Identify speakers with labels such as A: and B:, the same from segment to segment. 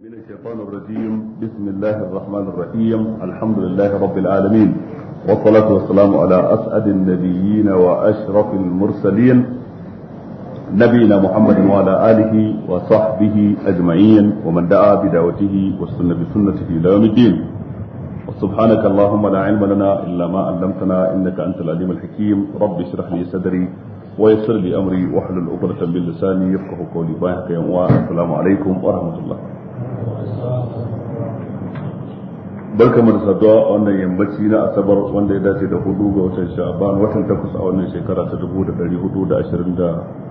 A: من الشيطان الرجيم بسم الله الرحمن الرحيم الحمد لله رب العالمين والصلاة والسلام على أسعد النبيين وأشرف المرسلين نبينا محمد وعلى آله وصحبه أجمعين ومن دعا بدعوته والسنة بسنته إلى يوم الدين سبحانك اللهم لا علم لنا إلا ما علمتنا إنك أنت العليم الحكيم رب اشرح لي صدري ويسر لي أمري واحلل عقدة من لساني يفقه قولي باهك يا السلام عليكم ورحمة الله barka mu da saduwa a wannan yammaci na asabar wanda ya dace da hudu ga watan sha'ban watan takwas a wannan shekara ta dubu da dari hudu da ashirin da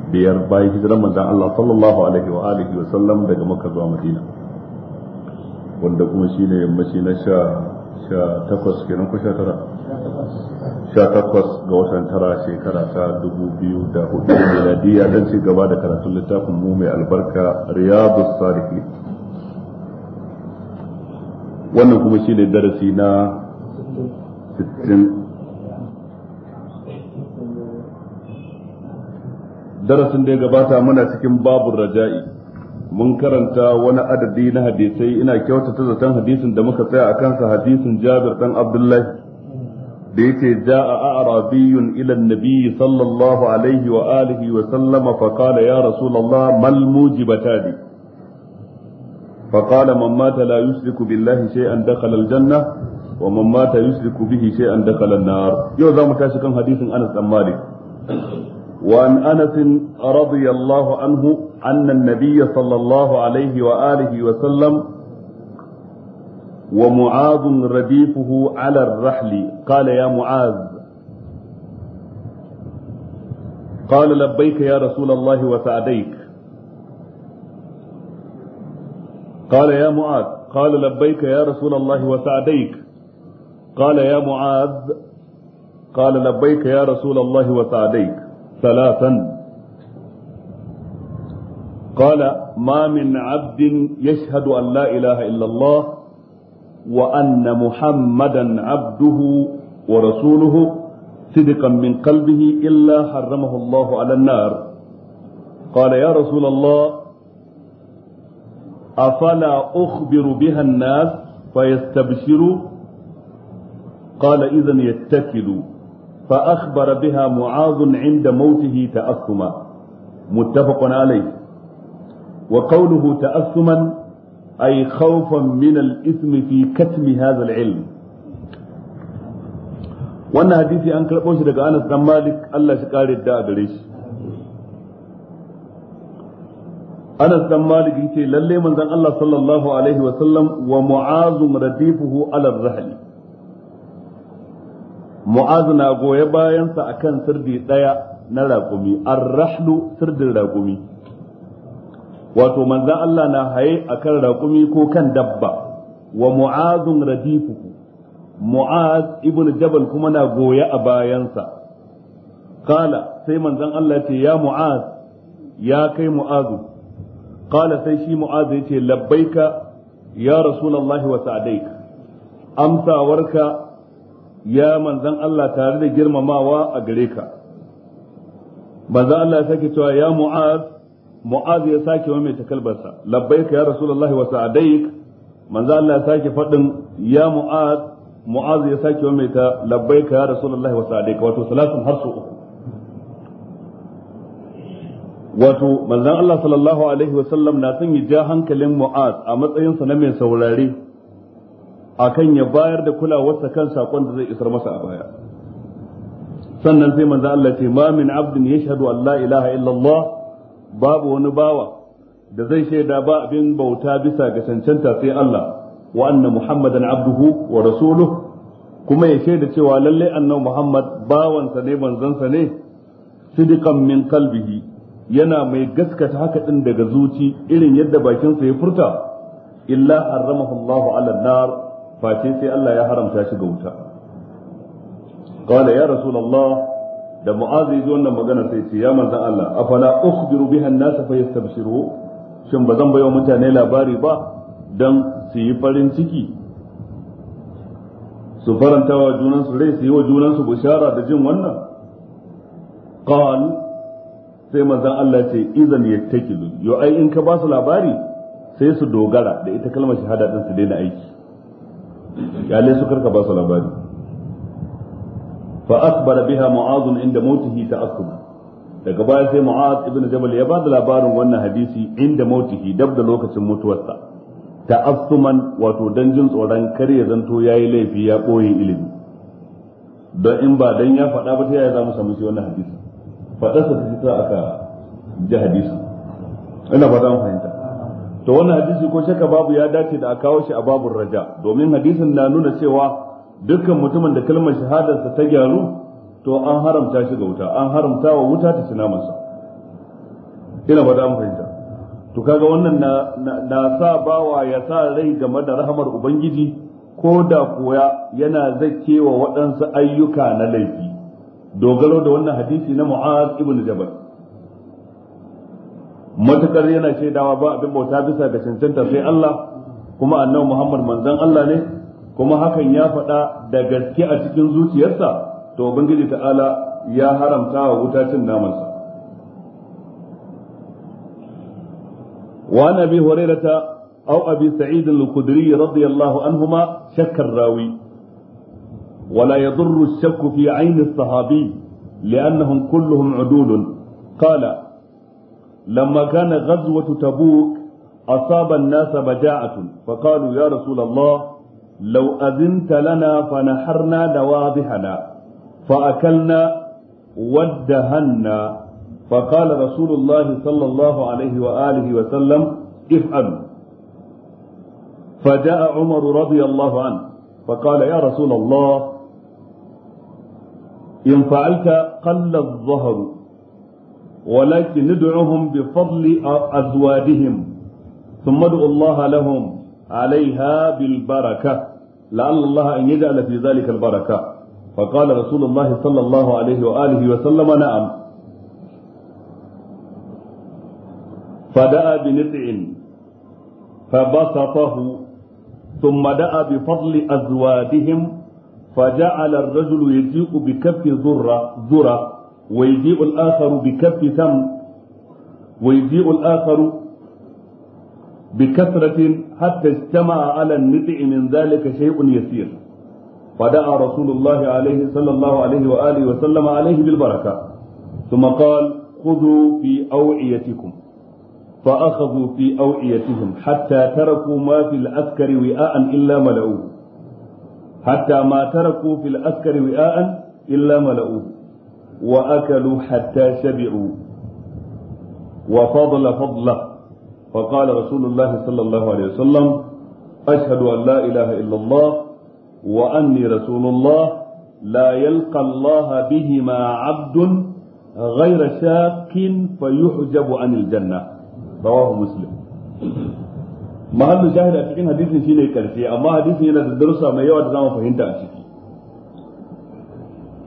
A: biyar bayan hijiran manzan Allah sallallahu alaihi wa alihi wa sallam daga makka zuwa madina wanda kuma shi ne yammaci na sha takwas kenan ko sha tara sha takwas ga watan tara shekara ta dubu biyu da hudu miladiyya don ci gaba da karatun littafin mu mai albarka Riyadus salihin wannan kuma shine darasi na
B: 60
A: darasin da ya gabata muna cikin babun raja'i mun karanta wani adadi na hadisai ina kyautata zaton hadisin da muka tsaya a kansa hadisin jabir dan abdullahi da ja ja'a a'rabiyun ila an-nabi sallallahu alaihi wa alihi wa sallama fa ya rasulullah mal mujibatani فقال من مات لا يشرك بالله شيئا دخل الجنة ومن مات يشرك به شيئا دخل النار يو زامو تاشي كان حديث أنس بن مالك وعن أنس رضي الله عنه أن النبي صلى الله عليه وآله وسلم ومعاذ رديفه على الرحل قال يا معاذ قال لبيك يا رسول الله وسعديك قال يا معاذ قال لبيك يا رسول الله وسعديك قال يا معاذ قال لبيك يا رسول الله وسعديك ثلاثا قال ما من عبد يشهد أن لا إله إلا الله وأن محمدا عبده ورسوله صدقا من قلبه إلا حرمه الله على النار قال يا رسول الله afala ukhbiru biha an-nas fayastabshiru qala idhan yattakilu fa akhbara biha mu'adh 'inda mawtihi ta'assuma muttafaqun alayh wa qawluhu ta'assuman ay khawfan min al-ithmi fi katmi hadha al-'ilm wannan hadisi an karɓo shi daga Anas dan Malik Allah shi kare da a gare Anas Maliki ce lallai lalle manzon Allah sallallahu alaihi wa sallam wa Mu'az radifuhu ala rahli Mu'az na goye bayansa akan sirdi ɗaya na raƙumi ar-rahlu sirdin raƙumi wato manzon Allah na haye akan raƙumi ko kan dabba wa Mu'az radifuhu Mu'az ibn Jabal kuma na goye a bayansa kala sai manzon Allah ce ya Mu'az ya kai Mu'azu qala sai shi mu'az yace labbaika ya rasulullahi wa sa'daik amsawarka ya manzan Allah tare da girmamawa a gare ka manzan Allah ya sake ya mu'az mu'az ya sake wa mai takalbarsa labbaika ya rasulullahi wa sa'daik manzan Allah ya sake fadin ya mu'az mu'az ya sake wa mai ta ya wato har su uku wato manzon Allah sallallahu alaihi wa sallam na son ya ja hankalin Mu'az a matsayin sa na mai saurare akan ya bayar da kulawarsa kan sakon da zai isar masa a baya sannan sai manzon Allah ce ma min abdin yashhadu an ilaha illallah babu wani bawa da zai shaida ba abin bauta bisa ga cancanta sai Allah wa anna muhammadan abduhu wa rasuluhu kuma ya shaida cewa lalle annabi Muhammad bawansa ne manzansa ne sidiqan min qalbihi yana mai gaskata haka din daga zuci irin yadda bakinsa ya furta illa haramahu Allah ala nar face sai Allah ya haramta shi ga wuta qala ya rasulullah da mu'azi yaji wannan magana sai ce ya manzon Allah afala ukhbiru biha an-nas fa yastabshiru shin ba zan bayo mutane labari ba dan su yi farin ciki su faranta wa junansu rai su yi wa junansu bishara da jin wannan qala sai manzon Allah ce izan take yattakilu yo ai in ka ba su labari sai su dogara da ita kalmar shahada din su daina aiki le su karka ba su labari fa asbara biha mu'az inda mautihi ta'assub daga baya sai mu'az ibn jabal ya ba da labarin wannan hadisi inda mautihi dab da lokacin mutuwarsa ta'assuman wato dan jin tsoron kar ya zanto yayi laifi ya boye ilimi don in ba dan ya faɗa ba ta yaya za mu samu shi wannan hadisi Faɗarsa ta fita aka ji hadisi ina ba za mu fahimta to wannan hadisi ko shaka babu ya dace da a kawo shi a babun raja domin hadisin na nuna cewa dukkan mutumin da kalmar shahadarsa ta gyaru to an haramta shi ga wuta an haramta wa wuta ta masa ina ba mu fahimta to kaga wannan na, na, sa bawa ya sa rai game da rahamar ubangiji ko da kuwa yana zakewa waɗansu ayyuka na laifi dogaro da wannan hadisi na mu'az ibn jabal matukar yana shaidawa ba abin bauta bisa ga cancanta sai Allah kuma annabi Muhammad manzon Allah ne kuma hakan ya faɗa da gaske a cikin zuciyarsa to ubangiji ta'ala ya haramta wa wuta cin naman namansa wa nabi hurairata aw abi sa'id al رضي radiyallahu anhuma, shakkar rawi. ولا يضر الشك في عين الصحابي لأنهم كلهم عدول قال لما كان غزوة تبوك أصاب الناس بجاعة فقالوا يا رسول الله لو أذنت لنا فنحرنا نواضحنا فأكلنا ودهنا فقال رسول الله صلى الله عليه وآله وسلم افعلوا فجاء عمر رضي الله عنه فقال يا رسول الله إن فعلت قل الظهر ولكن ندعوهم بفضل أزوادهم ثم ادعوا الله لهم عليها بالبركة لعل الله أن يجعل في ذلك البركة فقال رسول الله صلى الله عليه وآله وسلم نعم فدعا بنسع فبسطه ثم دعا بفضل أزوادهم فجعل الرجل يجيء بكف ذرة ذرة ويجيء الآخر بكف ثم ويجيء الآخر بكثرة حتى اجتمع على النطع من ذلك شيء يسير فدعا رسول الله عليه صلى الله عليه وآله وسلم عليه بالبركة ثم قال خذوا في أوعيتكم فأخذوا في أوعيتهم حتى تركوا ما في الأذكر وئاء إلا ملؤوه حتى ما تركوا في الأسكر وئاء إلا ملؤوا وأكلوا حتى شبعوا وفضل فضلة فقال رسول الله صلى الله عليه وسلم أشهد أن لا إله إلا الله وأني رسول الله لا يلقى الله بهما عبد غير شاك فيحجب عن الجنة رواه مسلم mahallu shahid a cikin hadisin shine karshe amma hadisin yana da darussa mai yawa da zamu fahimta a ciki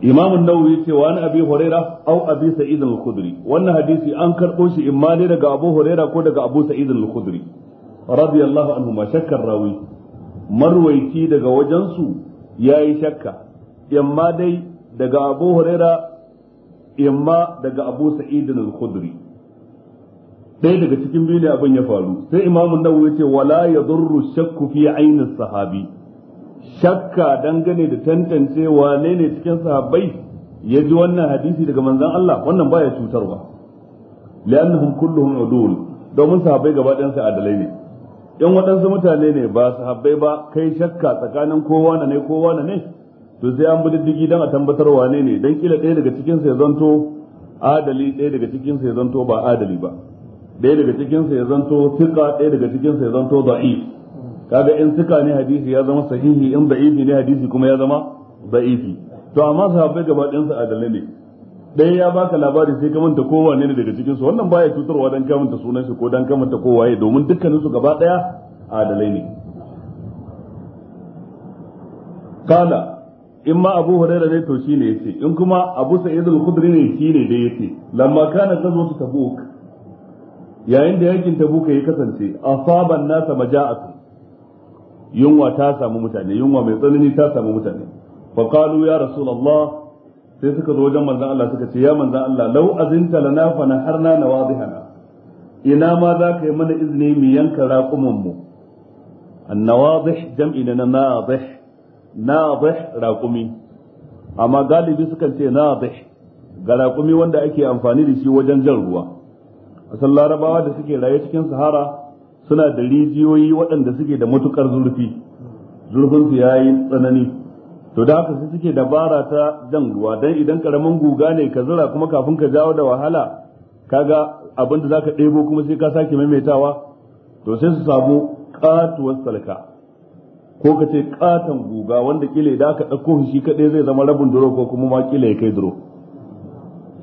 A: Imam an-Nawawi ce wa Abi Huraira au Abi Sa'id al-Khudri wannan hadisi an karbo shi imma ne daga Abu Huraira ko daga Abu Sa'id al-Khudri radiyallahu anhu ma shakkar rawi marwaiti daga wajensu yayi shakka imma dai daga Abu Huraira imma daga Abu Sa'id al-Khudri ɗaya daga cikin biyu ne abin ya faru sai imamun ya ce wala ya zurru shakku fi ainihin sahabi shakka dangane da tantance wane ne cikin sahabbai ya ji wannan hadisi daga manzan Allah wannan baya cutarwa li'annahum kulluhum udul domin sahabbai gaba ɗayan sai adalai ne in waɗansu mutane ne ba sahabbai ba kai shakka tsakanin kowa na ne kowa na ne to sai an bi diddigi don a tambatar wane ne dan kila ɗaya daga cikin zanto adali ɗaya daga cikin zanto ba adali ba ɗaya daga cikinsa ya zanto thiqa ɗaya daga cikinsa ya zanto da'if kaga in thiqa ne hadisi ya zama sahihi in za'ifi ne hadisi kuma ya zama za'ifi to amma sahabbai gaba ɗayan su adalai ne ɗaya ya baka labari sai ka manta kowanne ne daga cikinsu wannan baya cutarwa dan ka manta sunan shi ko dan ka manta kowaye domin dukkanin su gaba ɗaya adalai ne kala in ma abu huraira ne to shine yace in kuma abu sa'id al-khudri ne shine da yace lamma kana gazwatu tabuk yayin da yakin tabuka ya kasance asaban nasa maja'atu yunwa ta samu mutane yunwa mai tsanani ta samu mutane fa qalu ya rasulullah sai suka zo wajen manzon Allah suka ce ya manzon Allah law azinta lana fa naharna nawadihana ina ma za ka yi mana izini mu yanka raƙumin mu annawadih jam'i na nadih nadih raƙumi amma galibi sukan ce nadih ga raƙumi wanda ake amfani da shi wajen jan ruwa a larabawa da suke raye cikin sahara suna da rijiyoyi waɗanda suke da matukar zurfi zurfin su yayi tsanani to da haka sai suke dabara ta jan ruwa dan idan karamin guga ne ka zura kuma kafin ka jawo da wahala kaga abin da zaka ɗebo kuma sai ka sake maimaitawa to sai su samu katuwar salka ko ka ce katon guga wanda kila idan ka ɗauko shi kaɗai zai zama rabin duro ko kuma ma kila ya kai duro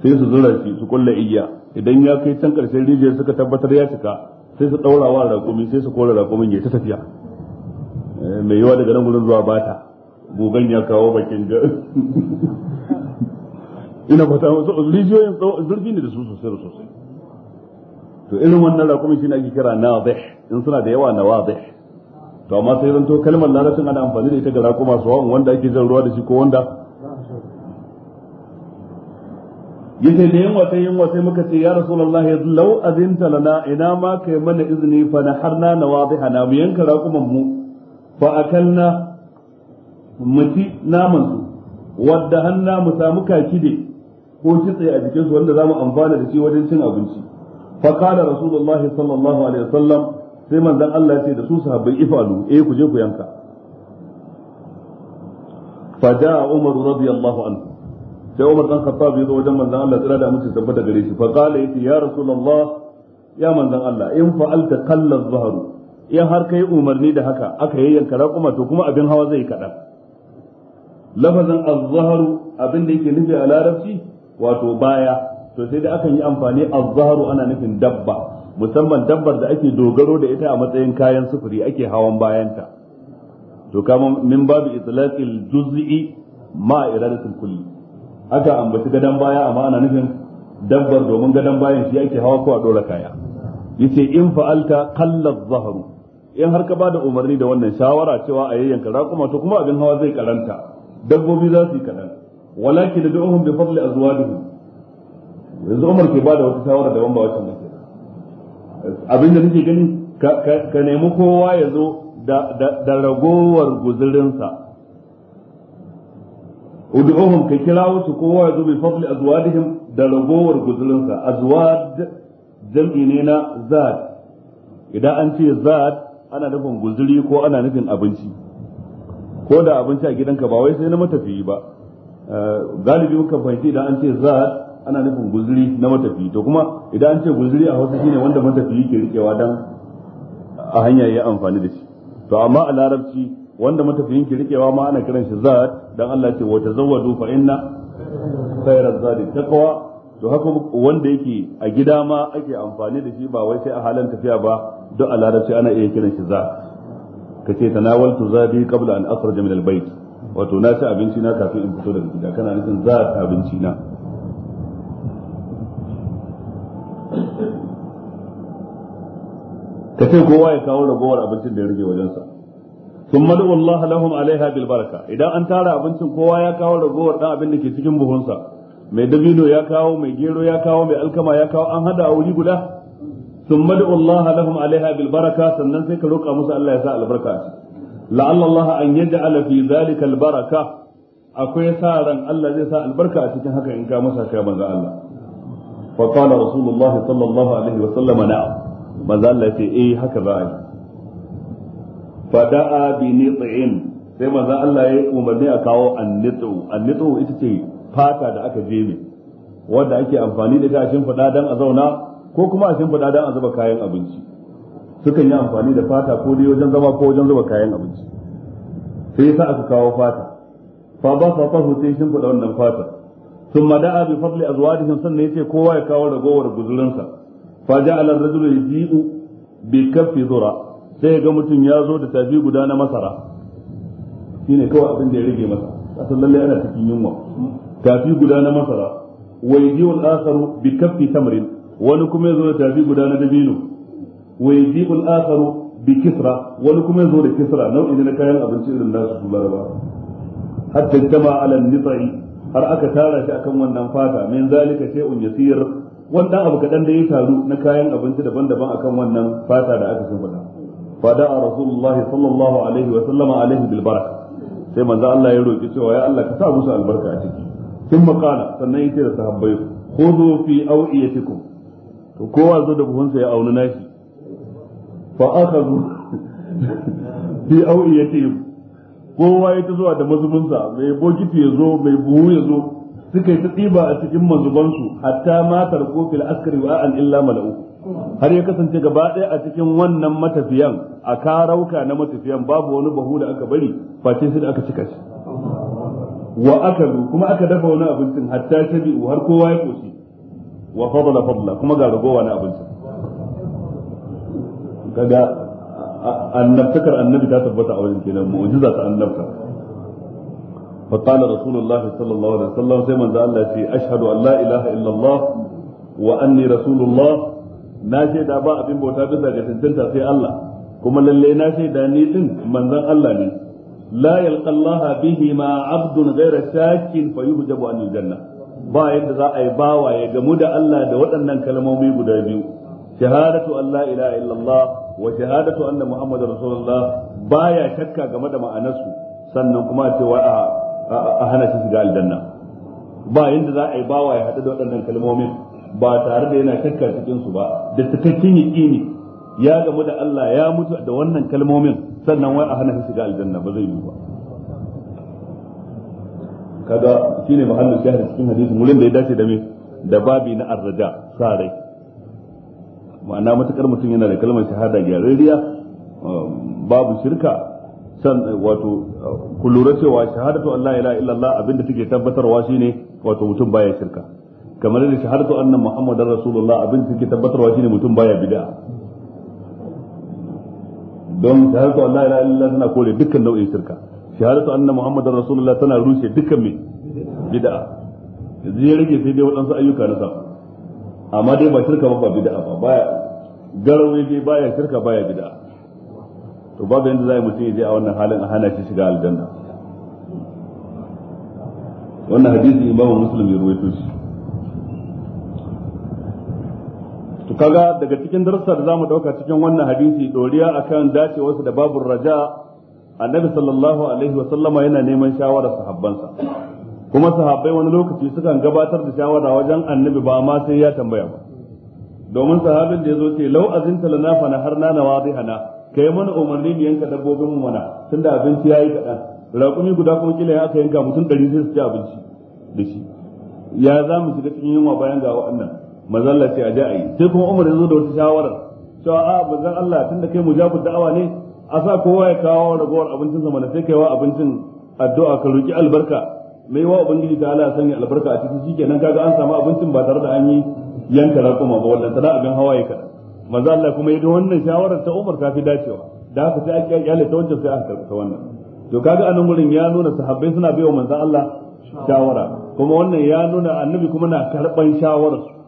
A: sai su zura shi su kulla igiya idan ya kai can karshen rijiyar suka tabbatar ya cika sai su daura wa raƙumi sai su kora raƙumin ya ta tafiya eh, mai yawa daga nan gurin zuwa bata gogan ya kawo bakin ga ina fata rijiyoyin zurfi ne da su sosai da sosai to irin wannan raƙumin shine ake kira nadih in suna da yawa na nawadih to amma sai zanto kalmar larabcin ana amfani da ita ga raƙuma su wanda ake jan ruwa da shi ko wanda yace da yunwa sai yunwa sai muka ce ya rasulullah law azinta lana ina ma kai mana izini fa naharna hana mu yanka raƙuman mu fa akalna muti naman su wadda hanna mu samu kaki da ko kitse a jikin su wanda zamu amfana da shi wajen cin abinci fa kana rasulullah sallallahu alaihi wasallam sai manzon Allah ya ce da su sahabbai ifalu eh ku je ku yanka fa da umar radiyallahu anhu sai Umar dan Khattab ya zo wajen manzon Allah tsira da amince tabbata gare shi fa qala yati ya rasulullah ya manzon Allah in fa'alta qalla az in har kai umarni da haka aka yayyanka raƙuma to kuma abin hawa zai kada lafazin az-zahr abin da yake nufi a larabci wato baya to sai da akan yi amfani az-zahr ana nufin dabba musamman dabbar da ake dogaro da ita a matsayin kayan sufuri ake hawan bayanta to kama min babu itlaqil juz'i ma iradatul kulli aka ambaci gadon baya amma ana nufin dabbar domin gadon bayan shi ake hawa ko a dora kaya yace in fa'alta qalla zaharu in har ka bada umarni da wannan shawara cewa a yayyanka raƙuma to kuma abin hawa zai karanta dabbobi za su yi kadan walakin da'uhum bi fadli azwajihim yanzu Umar ke bada wata shawara daban ba wacce nake abin da nake gani ka nemi kowa ya zo da ragowar guzurinsa ودعوهم ka سكوا su بفضل أزوادهم zo bi أزواد جمعينينا da ragowar أنت زاد jam'i ne na zad idan an ce أبنشي ana nufin سينا ko ana nufin abinci ko da abinci a gidanka ba wai sai na matafiyi ba eh, galibi muka fahimci idan an ce zad ana nufin guzuri na matafiyi to kuma idan an ce guzuri a wasu shine wanda matafiyi ke rikewa don a hanyar yi amfani da shi to amma a larabci wanda matafiyin ke rikewa ma ana kiran shi dan Allah ce wa tazawwadu fa inna khairaz zadi taqwa to haka wanda yake a gida ma ake amfani da shi ba wai sai a halin tafiya ba duk a larabci ana iya kiran shi za ka ce tanawaltu zabi qabla an akhraja min albayt wato na ci abinci na kafin in fito daga gida kana nufin za ta abinci na ka ce kowa ya kawo ragowar abincin da ya rage wajensa sun malu Allah lahum alaiha bil baraka idan an tara abincin kowa ya kawo ragowar dan abin da ke cikin buhunsa mai dabino ya kawo mai gero ya kawo mai alkama ya kawo an hada a wuri guda sun malu Allah lahum alaiha bil baraka sannan sai ka roƙa musu Allah ya sa albarka la'alla Allah an yaj'ala fi zalika al baraka akwai sa ran Allah zai sa albarka a cikin haka in ka masa kai manzo Allah fa qala rasulullahi sallallahu alaihi wa sallama na'am manzo Allah ya ce eh haka za a yi fada'a bi nit'in sai manzo Allah ya umarni a kawo annitsu annitsu ita ce fata da aka jeme wanda ake amfani da ita a fada dan a zauna ko kuma a fada dan a zuba kayan abinci sukan yi amfani da fata ko dai wajen zama ko wajen zuba kayan abinci sai sa aka kawo fata fa ba fa fa sai shimfiɗa wannan fata ثم دعا بفضل ازواجهم sannan yace kowa ya kawo ragowar guzurinsa fa ja'ala ar-rajulu yaji'u bi kaffi dhura sai ga mutum ya zo da tafi guda na masara Shi ne kawai abin da ya rage masa asan lallai ana cikin yunwa tafi guda na masara ji yajiul asaru bi kaffi tamrin wani kuma ya zo da tafi guda na dabino ji yajiul asaru bi kisra wani kuma ya zo da kisra nau'i na kayan abinci irin nasu su laraba hatta jama ala nisai har aka tara shi akan wannan fata min zalika shay'un yasir wannan abu kadan da ya taru na kayan abinci daban-daban akan wannan fata da aka shimfiɗa fada rasulullahi sallallahu alaihi wa sallama alaihi bil baraka sai manzo Allah ya roki cewa ya Allah ka sa musu albarka a ciki kin makala sannan yace da sahabbai khudhu fi awiyatikum to kowa zo da buhunsa ya auna nashi fa akhadhu fi awiyatihim kowa ya ta zuwa da mazubinsa mai bokiti ya zo mai buhu ya zo suka yi ta tsiba a cikin mazubansu hatta matar kofil askari wa an illa mala'u har ya kasance gaba ɗaya a cikin wannan matafiyan a karauka na matafiyan babu wani bahu da aka bari face sai da aka cika shi wa akalu kuma aka dafa wani abincin hatta shabi har kowa ya koshi wa fadla fadla kuma ga ragowa na abincin kaga annabtakar annabi ta tabbata a wajen kenan mu'jiza ta annabta fa qala rasulullahi sallallahu alaihi wasallam sai manzo Allah ya ce ashhadu an la ilaha illallah wa anni rasulullah na shaida ba abin bauta bisa daga tantanta sai Allah kuma lalle na shaida ni din manzon Allah ne la yalqallaha bihi ma abdun ghayra shakin fayuhjabu anil janna ba yadda za a yi bawa ya gamu da Allah da waɗannan kalmomi guda biyu shahadatu Allah, la ilaha illallah wa shahadatu anna muhammadar rasulullah baya shakka game da ma'anarsu sannan kuma cewa a hana shi shiga aljanna ba yadda za a yi bawa ya haɗu da waɗannan kalmomin ba tare da yana shakka cikin su ba da cikakken yaqini ya gamu da Allah ya mutu da wannan kalmomin sannan wai a hana shi shiga aljanna ba zai yi ba kaga shine mahallin shahri cikin hadisi mulin da ya dace da me da babi na arraja sare ma'ana matukar mutum yana da kalmar shahada gyararriya babu shirka san wato ku lura cewa shahadatu Allah la ilaha illallah abinda take tabbatarwa shine wato mutum baya shirka kamar da shahadatu anna muhammadar rasulullah abin da ke tabbatarwa shine mutum baya bid'a don shahadatu allah la ilaha illallah tana kore dukkan nau'in shirka shahadatu anna muhammadar rasulullah tana rushe dukkan mai bid'a yanzu ya rage sai dai waɗansu ayyuka na safa amma dai ba shirka ba bid'a ba baya garau ne dai baya shirka baya bid'a to babu yanda za a mutum ya je a wannan halin a hana shi shiga aljanna wannan hadisi imamu muslim ya ruwaito shi kaga daga cikin darussa da zamu dauka cikin wannan hadisi doriya akan dacewarsa da babur raja annabi sallallahu alaihi wa sallama yana neman shawarar sahabbansa kuma sahabbai wani lokaci sukan gabatar da shawara wajen annabi ba ma sai ya tambaya ba domin sahabin da yazo ce lau azinta lana fa naharna na wadihana kai mana umarni mu yanka dabbobin mu mana tunda abinci yayi kadan raƙumi guda kuma kila ya aka yanka mutum 100 sai su ci abinci da shi ya za mu shiga cikin yunwa bayan ga waɗannan manzon Allah ce a je a yi sai kuma Umar ya zo da wata shawara cewa a manzon Allah tunda kai mujabu da'awa ne a sa kowa ya kawo ragowar abincin sa sai kai wa abincin addu'a ka roki albarka mai wa ubangiji ta Allah sanya albarka a cikin shikenan kaga an samu abincin ba tare da an yi yanka kuma ba wannan tana abin hawaye ka manzon Allah kuma ya ga wannan shawarar ta Umar ta fi dacewa da haka sai aka kyale ta wancan sai aka karɓi wannan to kaga anan gurin ya nuna sahabbai suna baiwa manzon Allah shawara kuma wannan ya nuna annabi kuma na karban shawarar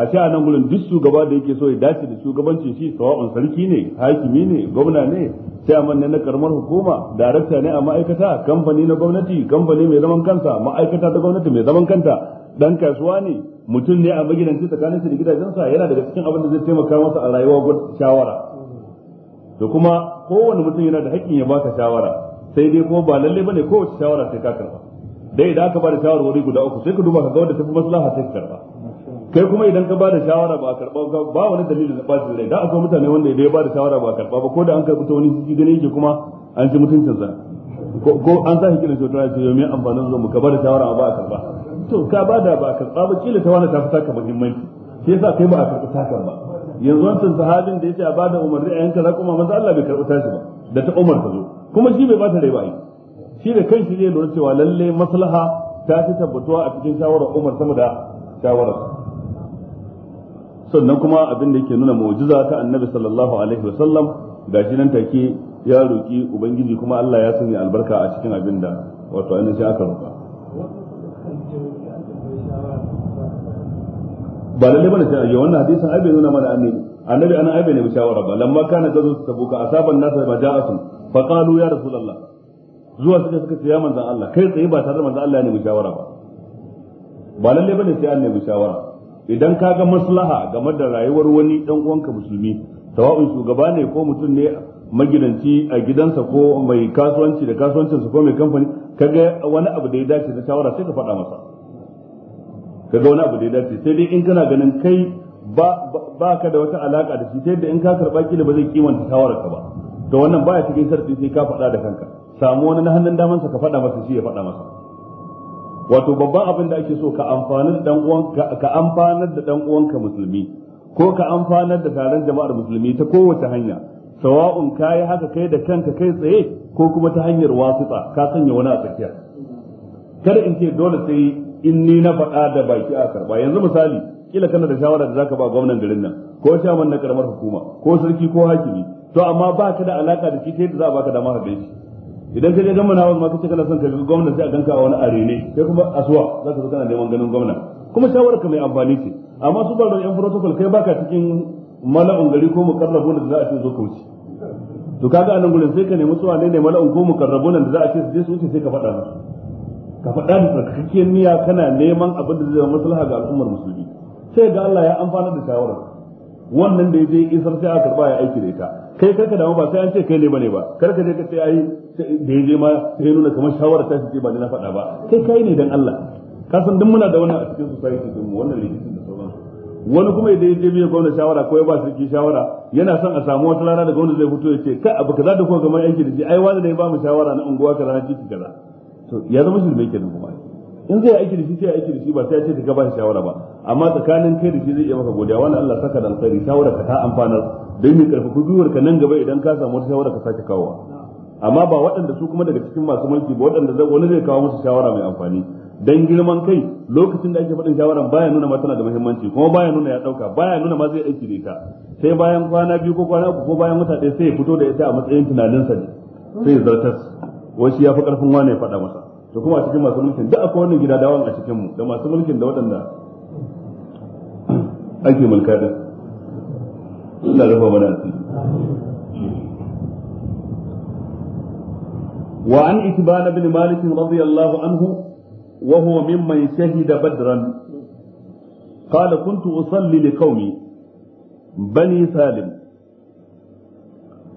A: a ce nan gurin duk shugaba da yake so ya dace da shugabanci shi sawa'un sarki ne hakimi ne gwamna ne amma ne na karamar hukuma darakta ne a ma'aikata kamfani na gwamnati kamfani mai zaman kansa ma'aikata ta gwamnati mai zaman kanta dan kasuwa ne mutum ne a magidanci tsakanin da gidajensa yana daga cikin abin da zai taimaka masa a rayuwa shawara To kuma kowane mutum yana da haƙƙin ya baka shawara sai dai kuma ba lalle bane kowace shawara sai ka karba dai idan aka ba da shawarwari guda uku sai ka duba ka ga wanda tafi maslaha sai ka karba kai kuma idan ka bada shawara ba a karba ba wani dalilin da bashi rai da akwai mutane wanda idan ya bada shawara ba a karba ba ko da an karbi ta wani shi gane yake kuma an ci mutuncin sa ko an sa shi kiran shi wata ce yomi amfanin zuwa ka bada shawara ba a karba to ka bada ba a karba ba kila ta wani ta fi saka muhimmanci shi yasa kai ba a karbi sakan ba yanzu wancan sahabin da yake a bada umarni a yanka za kuma manzo Allah bai karbi shi ba da ta Umar ta zo kuma shi bai bata rai ba yi shi da kanshi zai lura cewa lalle maslaha ta fi tabbatuwa a cikin shawarar Umar sama da shawarar sannan kuma abin da yake nuna mu'jiza ta annabi sallallahu alaihi wa sallam gashi nan take ya roki ubangiji kuma Allah ya sanya albarka a cikin abin da wato ainihin sai aka
B: roka ba lalle
A: bane sai ya wannan hadisin ai bai nuna mana annabi annabi ana ai bai ne shawara ba lamma kana gazo su tabuka asaban nasa ba ja'atun fa qalu ya rasulullah zuwa suka suka ce ya manzon Allah kai tsaye ba tare da manzon Allah ne mu shawara ba ba lalle bane sai annabi shawara idan ka ga maslaha game da rayuwar wani dan uwanka musulmi tawa'un shugaba ne ko mutum ne magidanci a gidansa ko mai kasuwanci da kasuwancinsa ko mai kamfani kaga wani abu da ya dace da shawara sai ka faɗa masa kaga wani abu da ya dace sai dai in kana ganin kai ba ba ka da wata alaka da shi sai da in ka karba kila ba zai kimanta shawararka ba to wannan baya cikin sarfi sai ka faɗa da kanka samu wani na hannun damansa ka faɗa masa shi ya faɗa masa wato babban abin da ake so ka amfanar da ka amfanar da dan uwanka musulmi ko ka amfanar da taron jama'ar musulmi ta kowace hanya sawa'un kai haka kai da kanka kai tsaye ko kuma ta hanyar wasuta ka sanya wani a tsakiya kada in ce dole sai in ni na faɗa da baki a karba yanzu misali kila kana da shawara da zaka ba gwamnan garin nan ko shaman na karamar hukuma ko sarki ko hakimi to amma ba ka da alaka da shi ta da za a baka dama haɗe idan ka je dan manawa ma kace kana son ka ga gwamnati sai a ganka a wani arene sai kuma asuwa za ka zo kana neman ganin gwamna kuma shawarar ka mai amfani ce amma su ba da yan protocol kai baka cikin mala'un gari ko mukarrabun da za a ce zo ka wuce to kaga anan gurin sai ka nemi su wane ne mala'un ko mukarrabun da za a ce su je su wuce sai ka faɗa musu ka faɗa da tsarkakakkiyar niyya kana neman abin da zai zama maslaha ga al'ummar musulmi sai ga Allah ya amfana da shawarar wannan da ya je isar sai aka karba ya aiki da ita kai karka damu ba sai an ce kai ne bane ba karka je ka ce ai da yaje ma sai nuna kamar shawara ta ce ba ni na faɗa ba kai kai ne dan Allah ka san duk muna da wannan a cikin society din mu wannan rikicin da sauransu wani kuma idan ya je gwamnati shawara ko ya ba sarki shawara yana son a samu wata rana da gwamnati zai fito ya ce ka abu kaza da kuma kamar aiki da ji ai wani ne ya ba mu shawara na unguwa kaza na titi kaza to ya zama shi mai kenan kuma in zai aiki da shi sai aiki da shi ba sai ya ce ka ba shi shawara ba amma tsakanin kai da shi zai iya maka godiya wani Allah saka da alkhairi shawara ka ta amfanar don karfi ku gwiwar ka nan gaba idan ka samu wata shawara ka sake kawowa amma ba waɗanda su kuma daga cikin masu mulki ba waɗanda wani zai kawo musu shawara mai amfani dan girman kai lokacin da ake faɗin shawaran baya nuna ma tana da muhimmanci kuma baya nuna ya ɗauka baya nuna ma zai aiki da ita sai bayan kwana biyu ko kwana uku ko bayan wata ɗaya sai ya fito da ita a matsayin tunaninsa ne sai ya zartas wasu ya fi ƙarfin wane ya faɗa masa da kuma a cikin masu mulkin duk akwai wannan gida dawon a cikinmu da masu mulkin da waɗanda ake mulka din Allah rufa mana
B: asiri
A: wa an itban ibn malik ra'ziyallahu anhu wa mai mimman shahida badran qala kuntu usalli li qaumi bani salim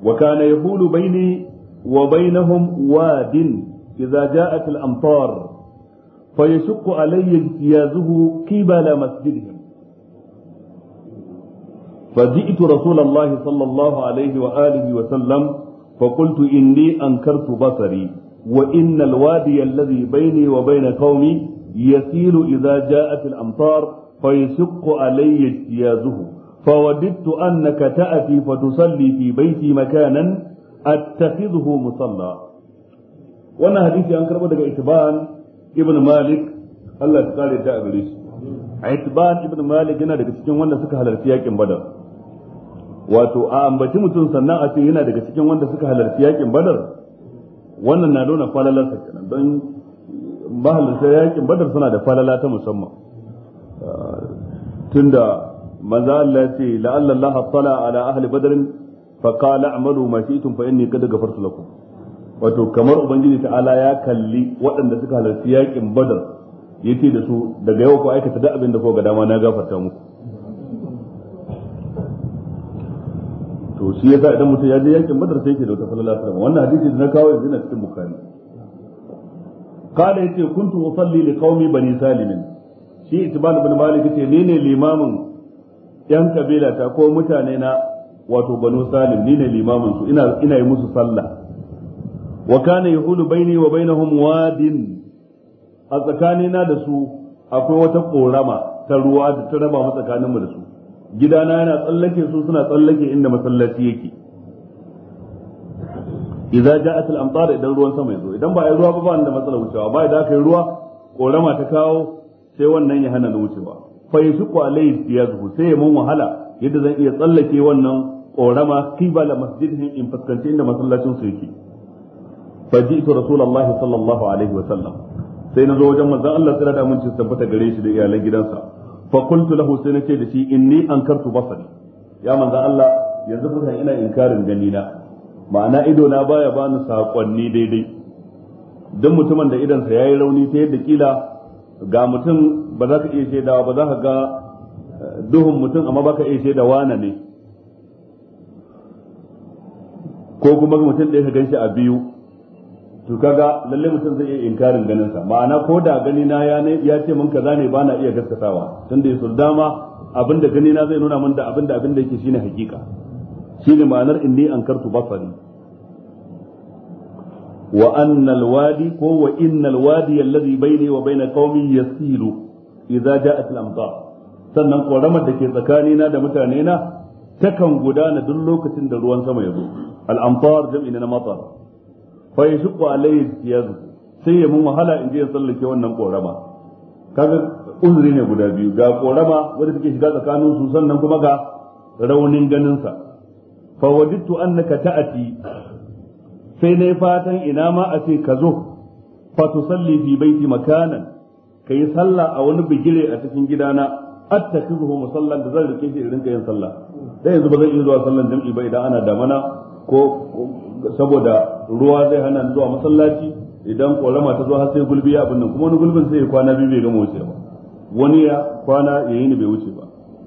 A: وكان يحول بيني وبينهم واد إذا جاءت الأمطار فيشق علي اجتيازه قبل مسجدهم فجئت رسول الله صلى الله عليه وآله وسلم فقلت إني أنكرت بصري وإن الوادي الذي بيني وبين قومي يسيل إذا جاءت الأمطار فيشق علي اجتيازه فوددت أنك تأتي فتصلي في بيتي مكانا أتخذه مصلى wannan hadisi an karbo daga itban ibn malik Allah ya kare ta a gare shi ibn malik yana daga cikin wanda suka halarci yakin badar wato a ambaci mutum sannan a ce yana daga cikin wanda suka halarci yakin badar wannan na nuna falalarsa kenan don mahalarta yakin badar suna da falala ta musamman tunda manzo Allah ya ce la'alla Allah tala ala ahli badr fa qala a'malu ma shi'tum fa inni qad ghafartu lakum wato kamar ubangiji ta'ala ya kalli waɗanda suka halarci yakin badar ya ce da su daga yau ku aikata da abin da ko ga dama na gafarta muku to shi yasa idan mutum ya je yakin badar sai ke da wata falala sallama wannan hadisi da na kawo yanzu na cikin bukhari kuntu usalli li qaumi bani بني shi شي ibn malik ce ni ne limamin yan kabila ta ko mutane na wato banu salim ni ne limamin su ina ina yi musu sallah wa kana yahulu baini wa bainahum wadin a tsakanina da su akwai wata korama ta ruwa da ta raba mu tsakaninmu da su gidana yana tsallake su suna tsallake inda masallaci yake idza ja'at al-amtar idan ruwan sama ya zo, idan ba ai ruwa ba ba da matsala wucewa ba idan aka yi ruwa korama ta kawo sai wannan ya hana ni wucewa fa yashqu alayhi yazhu sai ya mun wahala yadda zan iya tsallake wannan korama kibala masjidin in fuskanci inda masallacin su yake fajitu rasulullahi sallallahu alaihi wa sallam sai na zo wajen manzon Allah tsira da aminci tabbata gare shi da iyalan gidansa fa qultu lahu sai nace da shi inni ankartu basari ya manzon Allah yanzu kusan ina inkarin gani na ma'ana ido na baya bani sakonni daidai duk mutumin da idansa yayi rauni ta yadda kila ga mutum ba za ka iya shaidawa ba za ka ga duhun mutum amma ba ka iya shaida wane ne ko kuma mutum ɗaya ka ganshi a biyu to kaga lalle mutum zai iya inkarin ganin sa ma'ana ko da gani na ya ya ce mun kaza ne bana iya gaskatawa tunda yaso dama abinda gani na zai nuna min da abinda abinda yake shine hakika shine ma'anar inni ankartu basari wa annal wadi ko wa innal wadi alladhi bayni wa bayna qaumi yasilu idza ja'at al-amtar sannan koramar da ke tsakanina da mutane na takan gudana duk lokacin da ruwan sama ya zo al-amtar jam'i na matar fa yashqu alayhi tiyazu sai ya mun wahala in je ya sallake wannan korama kaga uzuri ne guda biyu ga korama wanda take shiga tsakanin su sannan kuma ga raunin ganin sa fa wadittu annaka ta'ati sai nayi fatan ina ma a ce ka zo fa tusalli fi baiti makanan kai sallah a wani bigire a cikin gidana attakizuhu musallan da zan rike shi irin rinka yin sallah dan yanzu ba zan iya zuwa sallan jam'i ba idan ana damana ko saboda ruwa zai hana zuwa masallaci idan ƙorama ta zo har sai gulbi ya abin nan kuma wani gulbin sai ya kwana biyu bai gama wuce ba wani ya kwana ya yi ni bai wuce ba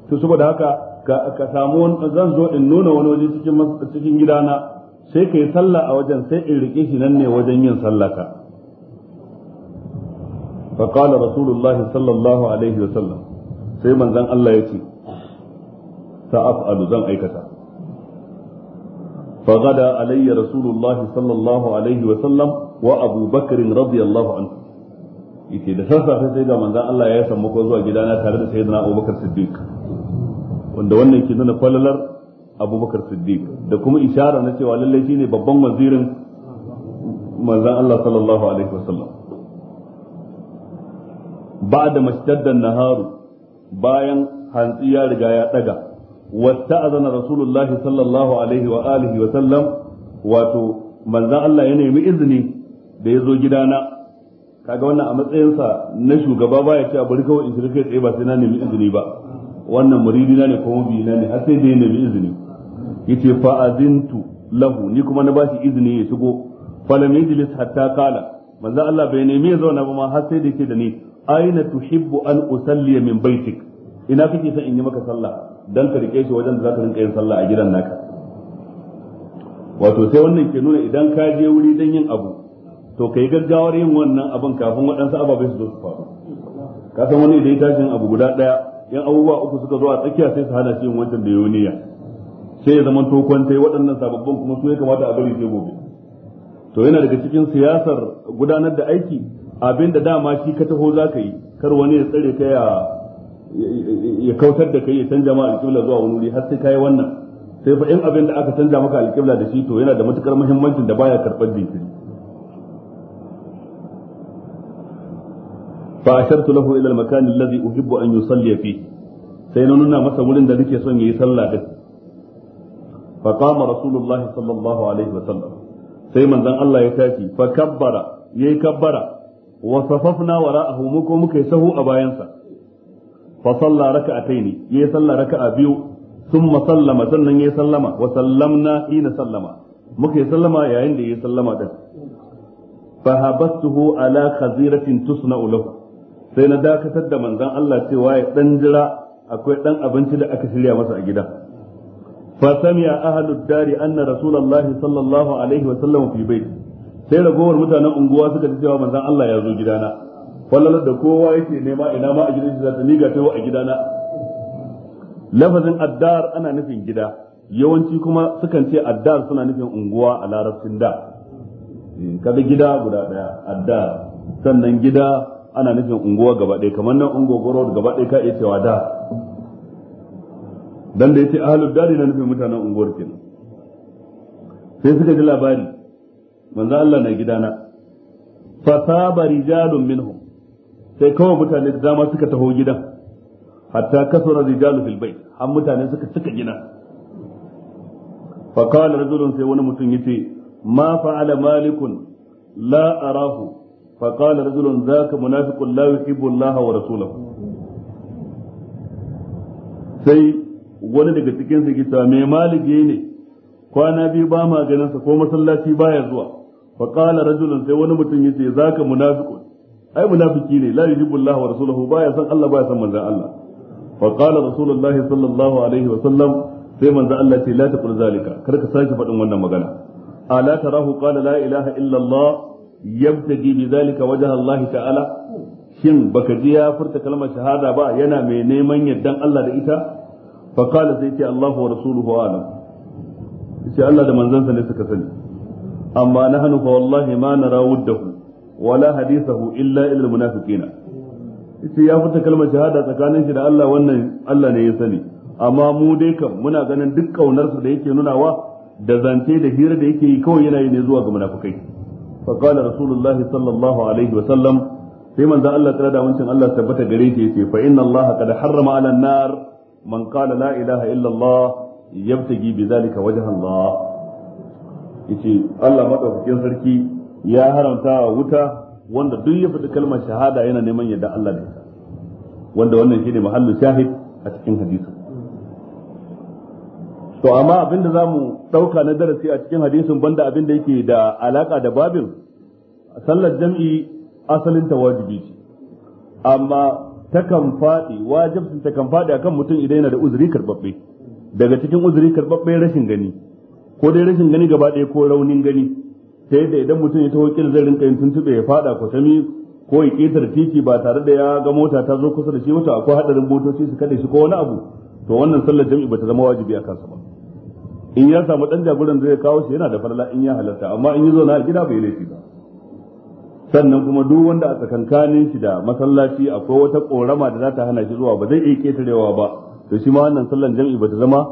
A: to saboda haka ka samu wani zan zo in nuna wani waje cikin cikin gidana sai ka yi sallah a wajen sai in rike shi nan ne wajen yin sallata fa qala rasulullahi sallallahu alaihi wa sallam sai manzon Allah ya ce ta af'alu zan aikata فغدا علي رسول الله صلى الله عليه وسلم وابو بكر رضي الله عنه yake da sassafe sai ga manzan Allah ya samu ko zuwa gidana tare da sayyidina Abubakar Siddiq wanda wannan ke nuna falalar Abubakar Siddiq da kuma ishara na cewa lallai shine babban wazirin manzan Allah sallallahu alaihi wasallam ba'da mashtadda naharu bayan hantsi ya riga ya daga wasta'azana rasulullahi sallallahu alaihi wa alihi wa sallam wato manzon Allah ya nemi izini da ya zo gidana kaga wannan a matsayinsa na shugaba baya ce a bari kawai in shiga kai tsaye ba sai na nemi izini ba wannan muridina ne kuma biyina ne har sai da ya nemi izini yace fa azintu lahu ni kuma na bashi izini ya shigo falam yajlis hatta qala manzo Allah bai nemi ya zauna ba ma har sai da yake da ni aina tuhibbu an usalli min baitik ina kake son in yi maka sallah dan ka rike shi wajen da za ka rinka yin sallah a gidan naka wato sai wannan ke nuna idan ka je wuri dan yin abu to ka yi gaggawar yin wannan abin kafin waɗansu ababai su zo su faru ka san wani idan ya tashi yin abu guda ɗaya yan abubuwa uku suka zo a tsakiya sai su hana shi yin wancan da yoniya sai ya zama to kwantai waɗannan sababbin kuma su ya kamata a bari sai gobe to yana daga cikin siyasar gudanar da aiki abin da dama shi ka taho za ka yi kar wani ya tsare kai a ya kautar da kai ya canja ma alƙibla zuwa wani wuri har sai kai wannan sai fa in abin da aka canja maka alƙibla da shi to yana da matukar muhimmancin da baya karɓar jinkiri fa ashartu lahu ila al-makan alladhi uhibbu an yusalli fi sai na nuna masa wurin da nake son yayi sallah din fa qama rasulullah sallallahu alaihi wa sallam sai manzon Allah ya tashi fa kabbara yayi kabbara wa safafna wara'ahu muko muka yi sahu a bayansa
B: fa salla raka'ataini yayi salla raka'a biyu
A: thumma sallama sannan yayi sallama wa sallamna ina sallama muka yi sallama yayin da yayi sallama din fa habastuhu ala khaziratin tusna'u lahu sai na dakatar da manzan Allah cewa ya dan jira akwai ɗan abinci da aka shirya masa a gida fa sami'a ahlud dari anna rasulullahi sallallahu alaihi wa sallam fi bait sai ragowar mutanen unguwa suka ji cewa manzan Allah ya zo gida na. fallalar da kowa yake nema ina ma a gidan shi za ta ni ga tayo a gidana lafazin addar ana nufin gida yawanci kuma sukan ce addar suna nufin unguwa a larabcin da eh, kada gida guda daya addar sannan gida ana nufin unguwa gaba ɗaya kamar nan unguwa gaba ɗaya ka iya cewa da dan da yace ahlul dar na nufin mutanen unguwar kenan sai suka ji labari manzo Allah na gidana fa saba rijalun minhum sai kawai mutane da dama suka taho gidan hatta kasura rijalu fil bayt har mutane suka cika gina fa qala rajulun sai wani mutum yace ma fa'ala malikun la arahu fa qala rajulun zaka munafiqun la yuhibbu Allah wa rasulahu sai wani daga cikin su gita mai maliki ne kwana biyu ba ma ganin sa ko masallaci baya zuwa fa qala rajulun sai wani mutum yace zaka munafiqun ai munafiki ne la yuhibbu Allah wa rasuluhu baya san Allah baya san manzon Allah fa qala rasulullahi sallallahu alaihi wa sallam sai manzon Allah ce la taqul zalika kar ka sake faɗin wannan magana ala tarahu qala la ilaha illa Allah yabtagi bi zalika wajha Allah ta'ala shin baka ji ya furta kalmar shahada ba yana mai neman yaddan Allah da ita fa qala sai ce "Allah wa rasuluhu alam sai Allah da manzansa ne suka sani amma nahnu fa wallahi ma nara wuddahu wala hadithahu illa ilal munafiqina yace ya fita kalmar shahada tsakanin shi da Allah wannan Allah ne ya sani amma mu dai kam muna ganin duk kaunar su da yake nunawa da zance da hira da yake yi kawai yana yi ne zuwa ga munafikai fa qala rasulullahi sallallahu alaihi wa sallam sai manzo Allah tsara da wancin Allah tabbata gare shi yace fa inna Allah qad harrama ala nar man qala la ilaha illa Allah yabtagi bi zalika wajha Allah yace Allah madaukakin sarki ya haramta wa wuta wanda duk ya fita kalmar shahada yana neman yadda Allah da ita wanda wannan shine mahallu shahid a cikin hadisi to amma abinda zamu dauka na darasi a cikin hadisin banda abinda yake da alaka da babin sallar jam'i asalin ta wajibi ce amma takan faɗi ta takan faɗi akan mutum idan yana da uzuri karbabbe daga cikin uzuri karbabbe rashin gani ko dai rashin gani gaba ɗaya ko raunin gani sai da idan mutum ya taho kila zai kayan tuntube ya fada kwatami ko ya ketar titi ba tare da ya ga mota ta zo kusa da shi wata akwai hadarin motoci su kada shi ko wani abu to wannan sallar jami'i bata zama wajibi a kansa ba in ya samu dan jagoran zai kawo shi yana da farla in ya halarta amma in ya zo na gida bai laifi ba sannan kuma duk wanda a tsakankanin shi da masallaci akwai wata korama da za ta hana shi zuwa ba zai iya ketarewa ba to shi ma wannan sallar jami'i bata zama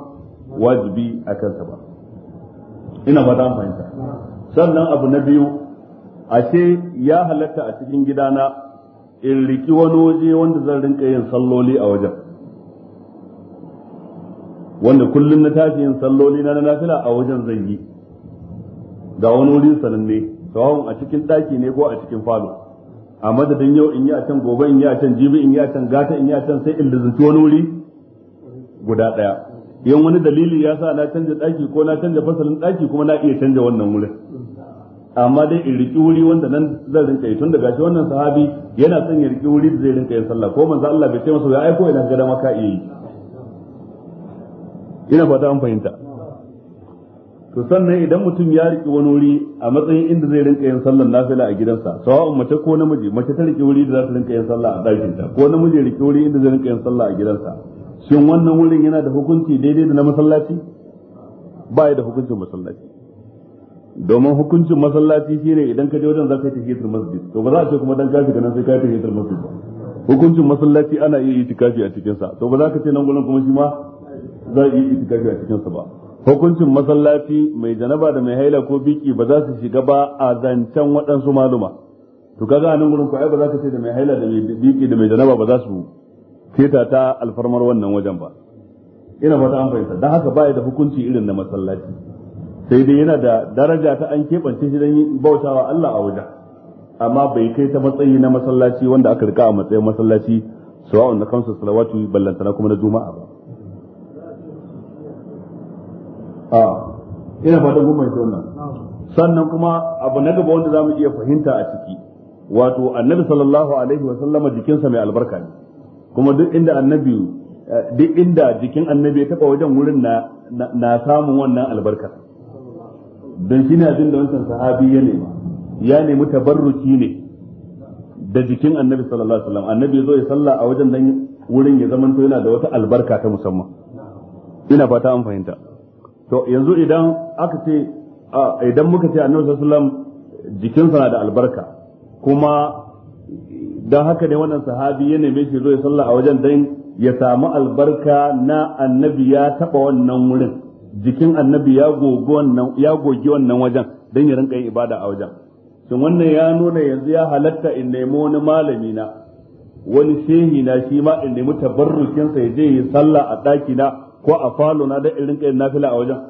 A: wajibi a kansa ba ina fata an fahimta sannan abu na biyu ashe ya halatta a cikin gidana in riki wani waje wanda zan rinka yin salloli a wajen wanda kullum na tashi yin salloli na nafila a wajen zan yi ga wani wuri sananne sawon a cikin ɗaki ne ko a cikin falo a madadin yau in yi a can gobe in yi a can jibi in yi a can gata in yi a can sai in lizinci wani wuri guda ɗaya in wani dalili ya sa na canja ɗaki ko na canja fasalin ɗaki kuma na iya canja wannan wurin amma dai in riki wuri wanda nan zan rinka yi tun da gashi wannan sahabi yana son ya riki wuri da zai rinka yin sallah ko manzo Allah bai ce masa ya aiko ina ga dama ka yi ina fata an fahimta to sannan idan mutum ya riki wani wuri a matsayin inda zai rinka yin sallar nafila a gidansa sawa'un mace ko namiji mace ta riki wuri da za ta rinka yin sallah a ɗakin ta ko namiji riki wuri inda zai rinka yin sallah a gidansa shin wannan wurin yana da hukunci daidai da na masallaci ba ya da hukuncin masallaci domin hukuncin masallaci shine idan ka je wajen za ka yi tafiyar masjid to ba za a ce kuma dan kafi kana sai ka yi tafiyar masjid hukuncin masallaci ana iya itikafi a cikin sa to ba za ka ce nan gurin kuma shi ma za a iya itikafi a cikin sa ba hukuncin masallaci mai janaba da mai haila ko biki ba za su shiga ba a zancen waɗansu maluma to kaga a nan gurin ko ai ba za ka ce da mai haila da mai biki da mai janaba ba za su keta ta alfarmar wannan wajen ba ina fata an fahimta dan haka ba da hukunci irin na masallaci sai dai yana da daraja ta an keɓance shi don bautawa Allah a wajen amma bai kai ta matsayi na masallaci wanda aka rika a matsayin masallaci sawa'un na kansu salawatu ballantana kuma na juma'a ba
B: a
A: ina fatan kuma mai wannan sannan kuma abu na gaba wanda zamu iya fahimta a ciki wato annabi sallallahu alaihi wa sallama jikinsa mai albarka ne kuma duk inda annabi eh, duk inda jikin annabi ya taba wajen wurin na na samun wannan albarka don shi ne abin da wancan sahabi ya nema ya nemi tabarruki ne da jikin annabi sallallahu alaihi wasallam annabi zo ya salla a wajen dan wurin ya zamanto yana da wata albarka ta musamman ina fata an fahimta to yanzu idan aka ce idan muka ce annabi sallallahu alaihi wasallam jikinsa na da albarka kuma don haka ne wannan sahabi ya neme shi zo ya salla a wajen dan ya samu albarka na annabi ya taba wannan wurin jikin annabi ya gogi wannan ya gogi wannan wajen dan ya rinka yin ibada a wajen shin wannan ya nuna yanzu ya halatta in nemi wani malami na wani shehi na shi ma in nemi tabarrukin sa ya je yi sallah a daki na ko a falo na da in rinka yin nafila a wajen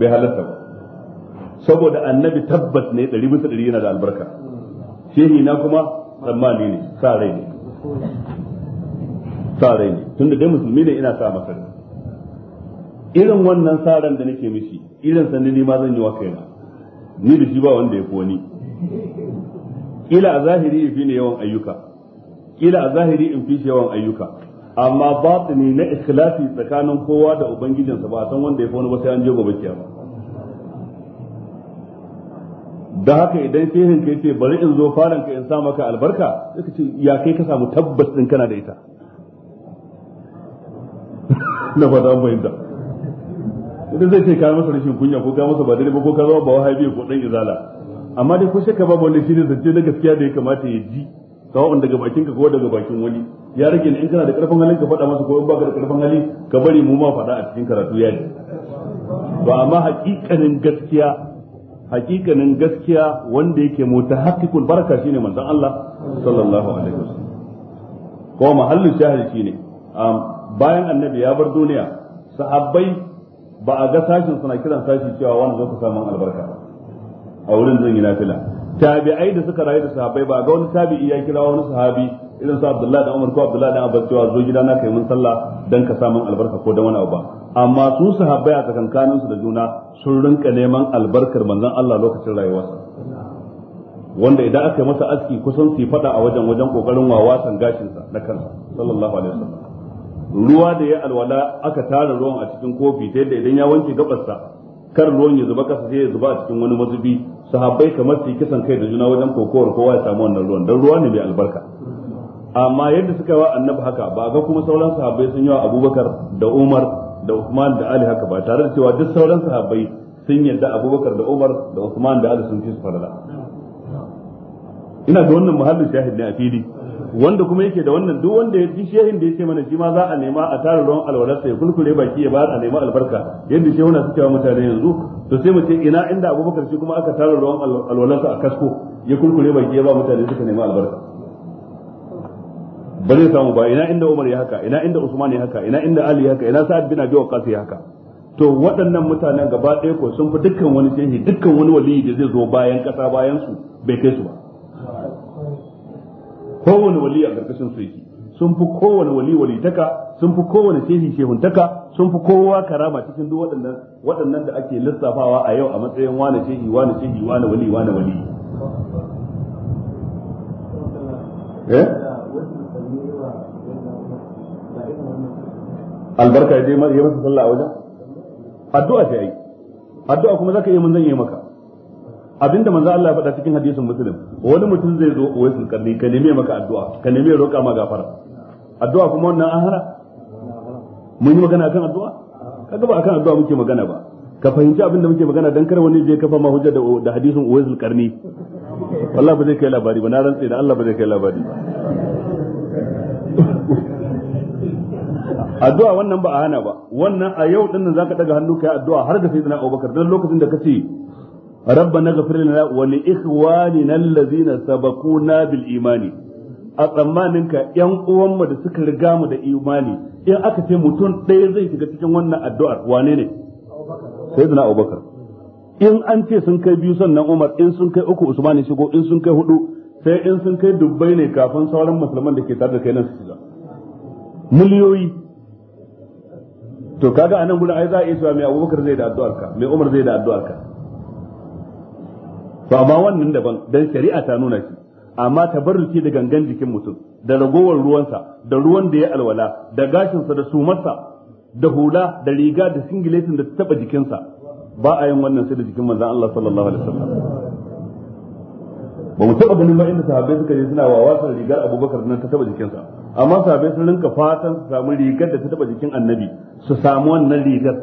A: bai halatta saboda annabi tabbas ne ɗari yana da albarka shehi na kuma tsammani ne sa rai ne sa rai ne tunda dai musulmi ne ina sa masa rai irin wannan sa ran da nake mishi irin sanni ni ma zan yi wa kaina ni da shi ba wanda ya wani kila a zahiri in fi ne yawan ayyuka kila a zahiri in fi shi yawan ayyuka amma batini na ikhlasi tsakanin kowa da ubangijinsa ba a san wanda ya fi wani ba sai an je gobe kiyama da haka idan shehin kai ce bari in zo faranka in sa maka albarka sai ce ya kai ka samu tabbas din kana da ita na ba an fahimta idan zai ce ka masa rashin kunya ko ka masa ba daidai ba ko ka zama ba wahabi ko dan izala amma dai ko shakka ba shi ne zance na gaskiya da ya kamata ya ji sawa'un daga bakin ka ko daga bakin wani ya rage in kana da karfin halin ka faɗa masa ko in baka da karfin hali ka bari mu ma faɗa a cikin karatu ya ji ba amma hakikanin gaskiya hakikanin gaskiya wanda yake mutahaqqiqul baraka shine manzon Allah sallallahu alaihi wasallam ko mahallin shahidi shine bayan annabi ya bar duniya sahabbai ba a ga sashin suna kiran sashi cewa wani zo ka samu albarka a wurin zan yi nafila tabi'ai da suka rayu da sahabbai ba ga wani tabi'i ya kira wani sahabi irin su Abdullahi dan Umar ko Abdullahi dan Abbas cewa zo gida na kai mun sallah dan ka samu albarka ko dan wani abu ba amma su sahabbai a tsakankanin su da juna sun rinka neman albarkar manzon Allah lokacin rayuwarsa wanda idan aka yi masa aski kusan su fada a wajen wajen kokarin wawasan gashinsa na kansa sallallahu alaihi wasallam ruwa da ya alwala aka tara ruwan a cikin kofi ta yadda idan ya wanke gabarsa kar ruwan ya zuba kasa sai ya zuba a cikin wani mazubi sahabbai kamar su kisan kai da juna wajen kokowar kowa ya samu wannan ruwan dan ruwa ne mai albarka amma yadda suka wa annabi haka ba ga kuma sauran sahabbai sun yi wa abubakar da umar da usman da ali haka ba tare da cewa duk sauran sahabbai sun yadda abubakar da umar da usman da ali sun ci su farala ina da wannan muhallin shahid ne a fili wanda kuma yake da wannan duk wanda ya ji shehin da yake mana shi ma za a nema a tara ruwan alwalarsa ya kulkure baki ya bayar a nema albarka yadda shehuna suke wa mutane yanzu to sai mu ce ina inda abubakar shi kuma aka tara ruwan alwalarsa a kasko ya kulkure baki ya ba mutane suka nema albarka ba zai samu ba ina inda umar ya haka ina inda usman ya haka ina inda ali ya haka ina sa'ad bin abi waqqas ya haka to waɗannan mutanen gaba ɗaya ko sun fi dukkan wani shehi dukkan wani waliyi da zai zo bayan ƙasa bayan su bai kai su ba kowane wali a ƙarƙashin su yake sun fi kowane wali walitaka sun fi kowane shehi taka, sun fi kowa karama cikin duk waɗannan waɗannan da ake lissafawa a yau a matsayin wani shehi wani shehi wani wali wani wali eh? albarka ya je ya masa sallah a wajen addu'a ta yi addu'a kuma zaka iya mun zan yi maka abinda manzo Allah ya faɗa cikin hadisin muslim wani mutum zai zo wai sun karni ka neme maka addu'a ka neme roƙa ma gafara addu'a kuma wannan an hana mun yi magana akan addu'a kaga ba akan addu'a muke magana ba ka fahimci abinda muke magana dan kar wani je kafa ma hujja da hadisin waisul karni wallahi ba zai kai labari ba na rantse da Allah ba zai kai labari addu'a wannan ba a hana ba wannan a yau din nan zaka daga hannu kai addu'a har da na Abubakar dan lokacin da kace ربنا اغفر لنا ولإخواننا الذين سبقونا بالإيمان a tsammaninka ‘yan uwanmu da suka riga mu da imani in aka ce mutum ɗaya zai shiga cikin wannan addu'ar wane ne? sai zina abubakar in an ce sun kai biyu sannan umar in sun kai uku usman ya shigo in sun kai hudu sai in sun kai dubbai ne kafin sauran musulman da ke tare da kai nan su shiga miliyoyi to kaga anan gurin ai za a iya cewa mai abubakar zai da addu'arka mai umar zai da addu'arka to amma wannan daban dan shari'a ta nuna shi amma tabarruki da gangan jikin mutum da ragowar ruwansa da ruwan da ya alwala da gashinsa da sumarsa da hula da riga da singiletin da taba jikinsa ba a yin wannan sai da jikin manzon Allah sallallahu alaihi wasallam ba mu taba ganin ma inda sahabbai suka je suna wawasar rigar Abubakar nan ta taba jikinsa amma sahabbai sun rinka fatan su samu rigar da ta taba jikin Annabi su samu wannan rigar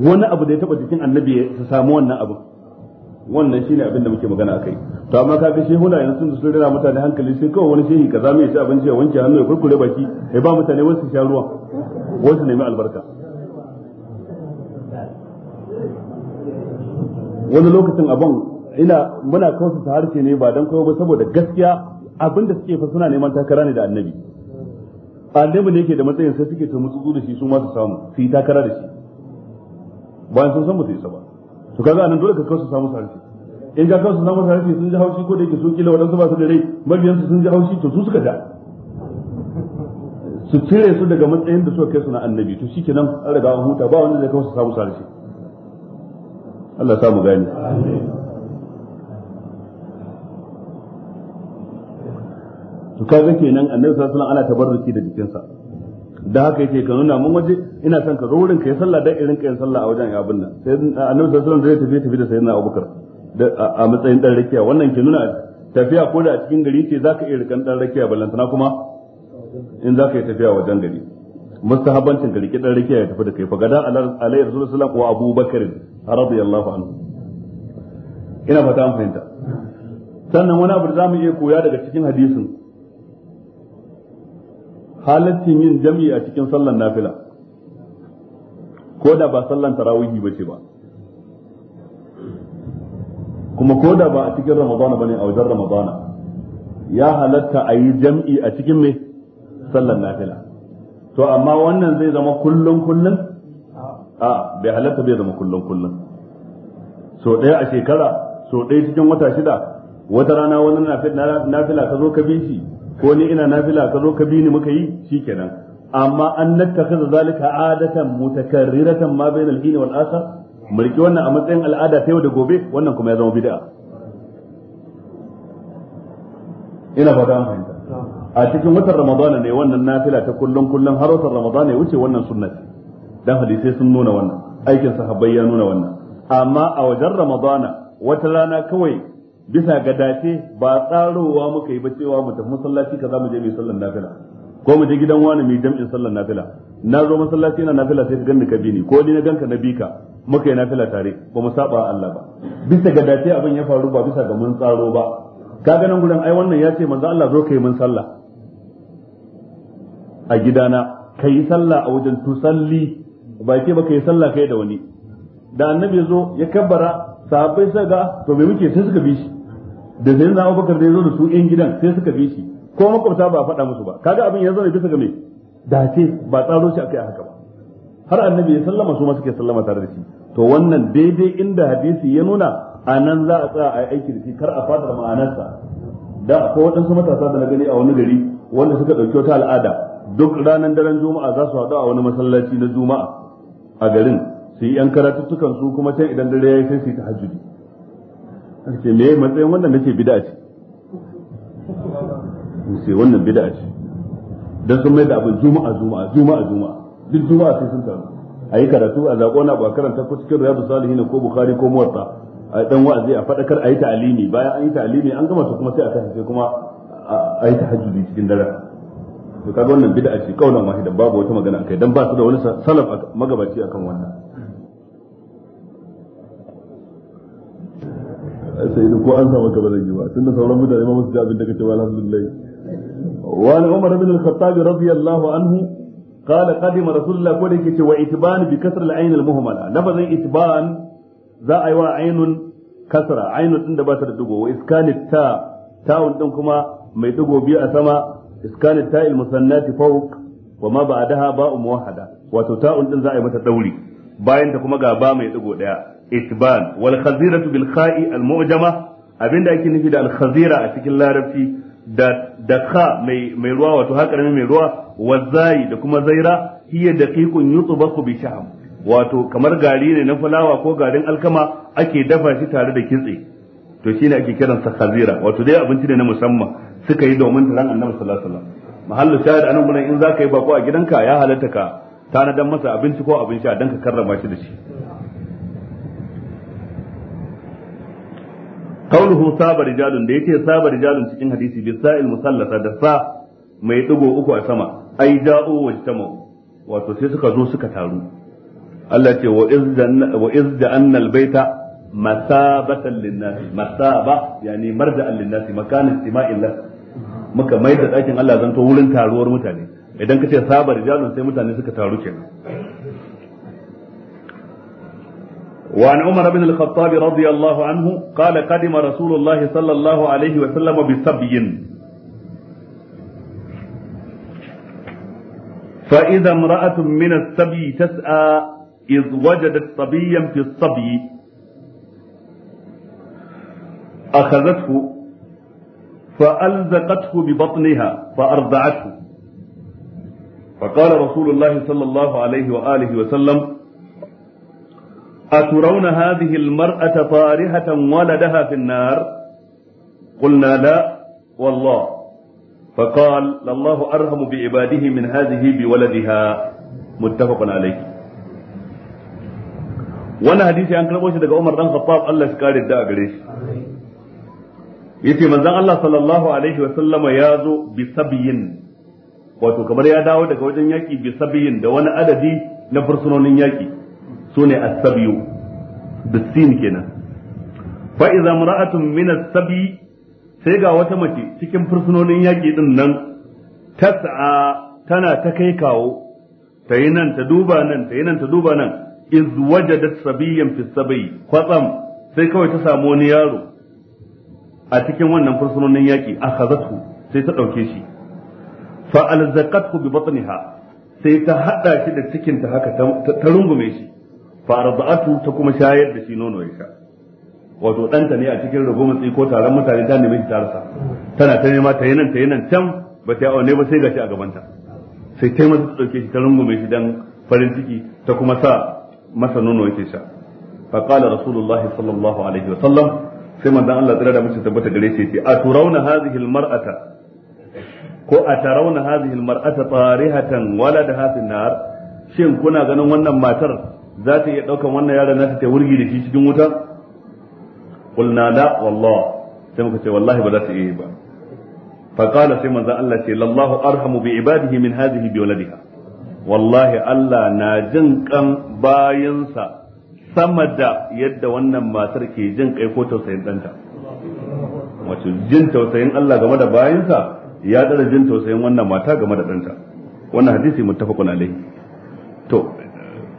A: wani abu da ya taba jikin Annabi su samu wannan abu wannan shine abin da muke magana akai to amma ka ga shehuna yanzu sun sun rira mutane hankali sai kawai wani shehi kaza mai ci abinci ya wanke hannu ya kurkure baki ya ba mutane wasu sha ruwa wasu nemi albarka wani lokacin abin ina muna su harshe ne ba dan koyo ba saboda gaskiya abin da suke fa suna neman takara ne da annabi annabi ne yake da matsayin sai suke ta mutsu da shi su ma su samu su yi takara da shi bayan sun san ba su isa ba to kaga anan dole ka su samu sarki in ka su samu sarki sun ji haushi ko da yake sun kila wadansu ba su da rai su sun ji haushi to su suka ja su cire su daga matsayin da suka kai su na annabi to shikenan an riga an huta ba wanda zai su samu sarki Allah ya samu gani to kaga kenan annabi sallallahu alaihi wasallam ana tabarruki da jikinsa da haka yake ka nuna mun waje ina son ka zo wurin yi sallah dan irin ka kai sallah a wajen ya nan. sai annabi sallallahu alaihi wasallam zai tafi tafi da sayyidina Abubakar a matsayin dan rakiya wannan ke nuna tafiya ko da a cikin gari ce zaka iya rikan dan rakiya ballantana kuma in zaka yi tafiya wajen gari mustahabancin gari dan rakiya ya tafi da kai fa gada alaihi rasulullahi sallallahu alaihi wa Abubakar radiyallahu anhu ina fata an fahimta sannan wani abu da zamu iya koya daga cikin hadisin halaccin yin jam'i a cikin sallan nafila ko da ba sallan tarawihi ba ce ba kuma ko da ba a cikin ramadana ba ne a wajen ramadana ya halatta a yi jam'i a cikin mai sallan nafila to amma wannan zai zama kullum kullum a bai halatta bai zama kullum kullum so ɗaya a shekara so ɗaya cikin wata shida wata rana wani nafila ka zo ka bi shi ko ni ina nafila ka zo ka bi ni muka yi shikenan amma an nattakhadha zalika adatan mutakarriratan ma bainal hin wal akhar mulki wannan a matsayin al'ada ta yau da gobe wannan kuma ya zama bid'a ina fata an fahimta a cikin watan ramadana ne wannan nafila ta kullun kullun har watan ramadana ya wuce wannan sunna dan hadisai sun nuna wannan aikin sahabbai ya nuna wannan amma a wajen ramadana wata rana kawai bisa ga dace ba tsarowa muka yi ba cewa mu tafi masallaci kaza mu je mu sallar nafila ko mu je gidan wani mu jam'in sallar nafila na zo masallaci na nafila sai ka ganni ka bi ni ko ni na ganka na bi ka muka yi nafila tare ba mu saba Allah ba bisa ga dace abin ya faru ba bisa ga mun tsaro ba ka ganin nan gurin ai wannan ya ce manzo Allah zo kai mun sallah a gidana kai sallah a wajen tusalli ba ke ba kai sallah kai da wani da annabi ya zo ya kabbara sahabbai suka ga to me muke sai suka bi shi da zai na abubakar da ya zo da su yan gidan sai suka bi shi ko makwabta ba faɗa musu ba kaga abin ya zo bisa ga me dace ba tsaro shi akai haka ba har annabi ya sallama su ma suke sallama tare da shi to wannan daidai inda hadisi ya nuna a nan za a tsaya a yi aiki da shi kar a fadar ma'anarsa da akwai waɗansu matasa da na gani a wani gari wanda suka ɗauki wata al'ada duk ranar daren juma'a za su haɗu a wani masallaci na juma'a a garin su yi 'yan karatuttukan su kuma can idan dare ya yi sai su yi tahajjudi ake ce me matsayin wannan nace bid'a ce sai wannan bid'a ce dan sun mai da abin juma'a juma'a juma'a juma'a duk juma'a sai sun taru ayi karatu a zaƙo na ba karanta ko cikin riyadu salihin ko bukhari ko muwatta a dan wa'azi a fadakar ayi ta'alimi bayan an yi ta'alimi an gama to kuma sai a tashi sai kuma ayi tahajjudi cikin dare to kaga wannan bid'a ce kaulan wahidan babu wata magana akai dan ba su da wani salaf magabaci akan wannan sai da ko an samu ka ba zan yi ba tunda sauran mutane ma musu ji abin da kace ba alhamdulillah wa an umar bin al-khattab radiyallahu anhu qala qadima rasulullah ko da yake ce wa itban bi kasr al-ayn al-muhmala lafazin itban za a yi wa ainun kasra ainun din da ba ta da dugo wa iskanit ta ta'un din kuma mai dugo biyu a sama iskanit ta'il musannati fawq wa ma ba'daha ba'u muwahhada wato ta'un din za a yi mata dauri bayan ta kuma ga ba mai dugo itban wal khaziratu bil kha'i al mu'jama abinda ake nufi da al khazira a cikin larabci da da kha mai mai ruwa wato haƙarami mai ruwa wazai da kuma zaira hiya daqiqun yutbaku bi sha'am wato kamar gari ne na fulawa ko garin alkama ake dafa shi tare da kitse to shine ake sa khazira wato dai abinci ne na musamman suka yi domin taron annabi sallallahu alaihi wasallam mahallu shahid anan gurin in zaka yi bako a gidanka ya halatta ka tanadan masa abinci ko abin sha dan ka karrama shi da shi kauluhu saba rijalun da yace saba rijalun cikin hadisi bi sa'il musallata da sa mai digo uku a sama ai ja'u wajtama'u wato sai suka zo suka taru Allah ce wa iz ja'anna albayta masabatan linnas masaba muka mai da ɗakin Allah zanto wurin taruwar mutane idan ka ce saba rijalun sai mutane suka taru kenan وعن عمر بن الخطاب رضي الله عنه قال قدم رسول الله صلى الله عليه وسلم بسبي فإذا امرأة من السبي تسعى إذ وجدت صبيا في الصبي أخذته فألزقته ببطنها فأرضعته فقال رسول الله صلى الله عليه وآله وسلم أترون هذه المرأة طارحة ولدها في النار قلنا لا والله فقال الله أرحم بعباده من هذه بولدها متفق عليه wannan hadisi an karɓo shi daga Umar dan Khattab Allah shi kare da gare shi yace manzon Allah sallallahu alaihi wasallama ya zo bi sabiyin wato kamar ya dawo daga wajen yaki bi sabiyin da wani adadi na fursunonin yaki sune as-sabiyu bisin kenan fa idza mar'atun min as-sabi sai ga wata mace cikin fursunonin yaki din nan tas'a tana ta kai kawo ta yi nan ta duba nan ta yi nan ta duba nan iz wajadat sabiyan fi kwatsam sai kawai ta samu wani yaro a cikin wannan fursunonin yaki akhazatu sai ta dauke shi fa alzaqathu bi batniha sai ta hada shi da cikin ta haka ta rungume shi faradatu ta kuma shayar da shi nono ya sha wato ɗanta ne a cikin rago matsi ko taron mutane ta nemi ta rasa tana ta nema ta yi nan ta yi nan can ba ta yi aune ba sai ga shi a gabanta sai ta yi masa ta ɗauke shi ta rungume shi dan farin ciki ta kuma sa masa nono yake sha فقال رسول sallallahu alaihi wa sallam. sai manzon Allah tsira da mace tabbata gare shi yace a turawna hadhihi almar'ata ko a tarawna hadhihi almar'ata tarihatan waladaha fi nar shin kuna ganin wannan matar za ta iya ɗaukan wannan yaron nata ta wurgi da shi cikin wuta qulna la wallah sai muka ce wallahi ba za ta iya ba fa qala sai manzo Allah ce lallahu arhamu bi ibadihi min hadhihi bi waladiha wallahi Allah na jin kan bayansa sama da yadda wannan matar ke jin kai ko tausayin danta wato jin tausayin Allah game da bayansa ya dara jin tausayin wannan mata game da danta wannan hadisi muttafaqun alaihi to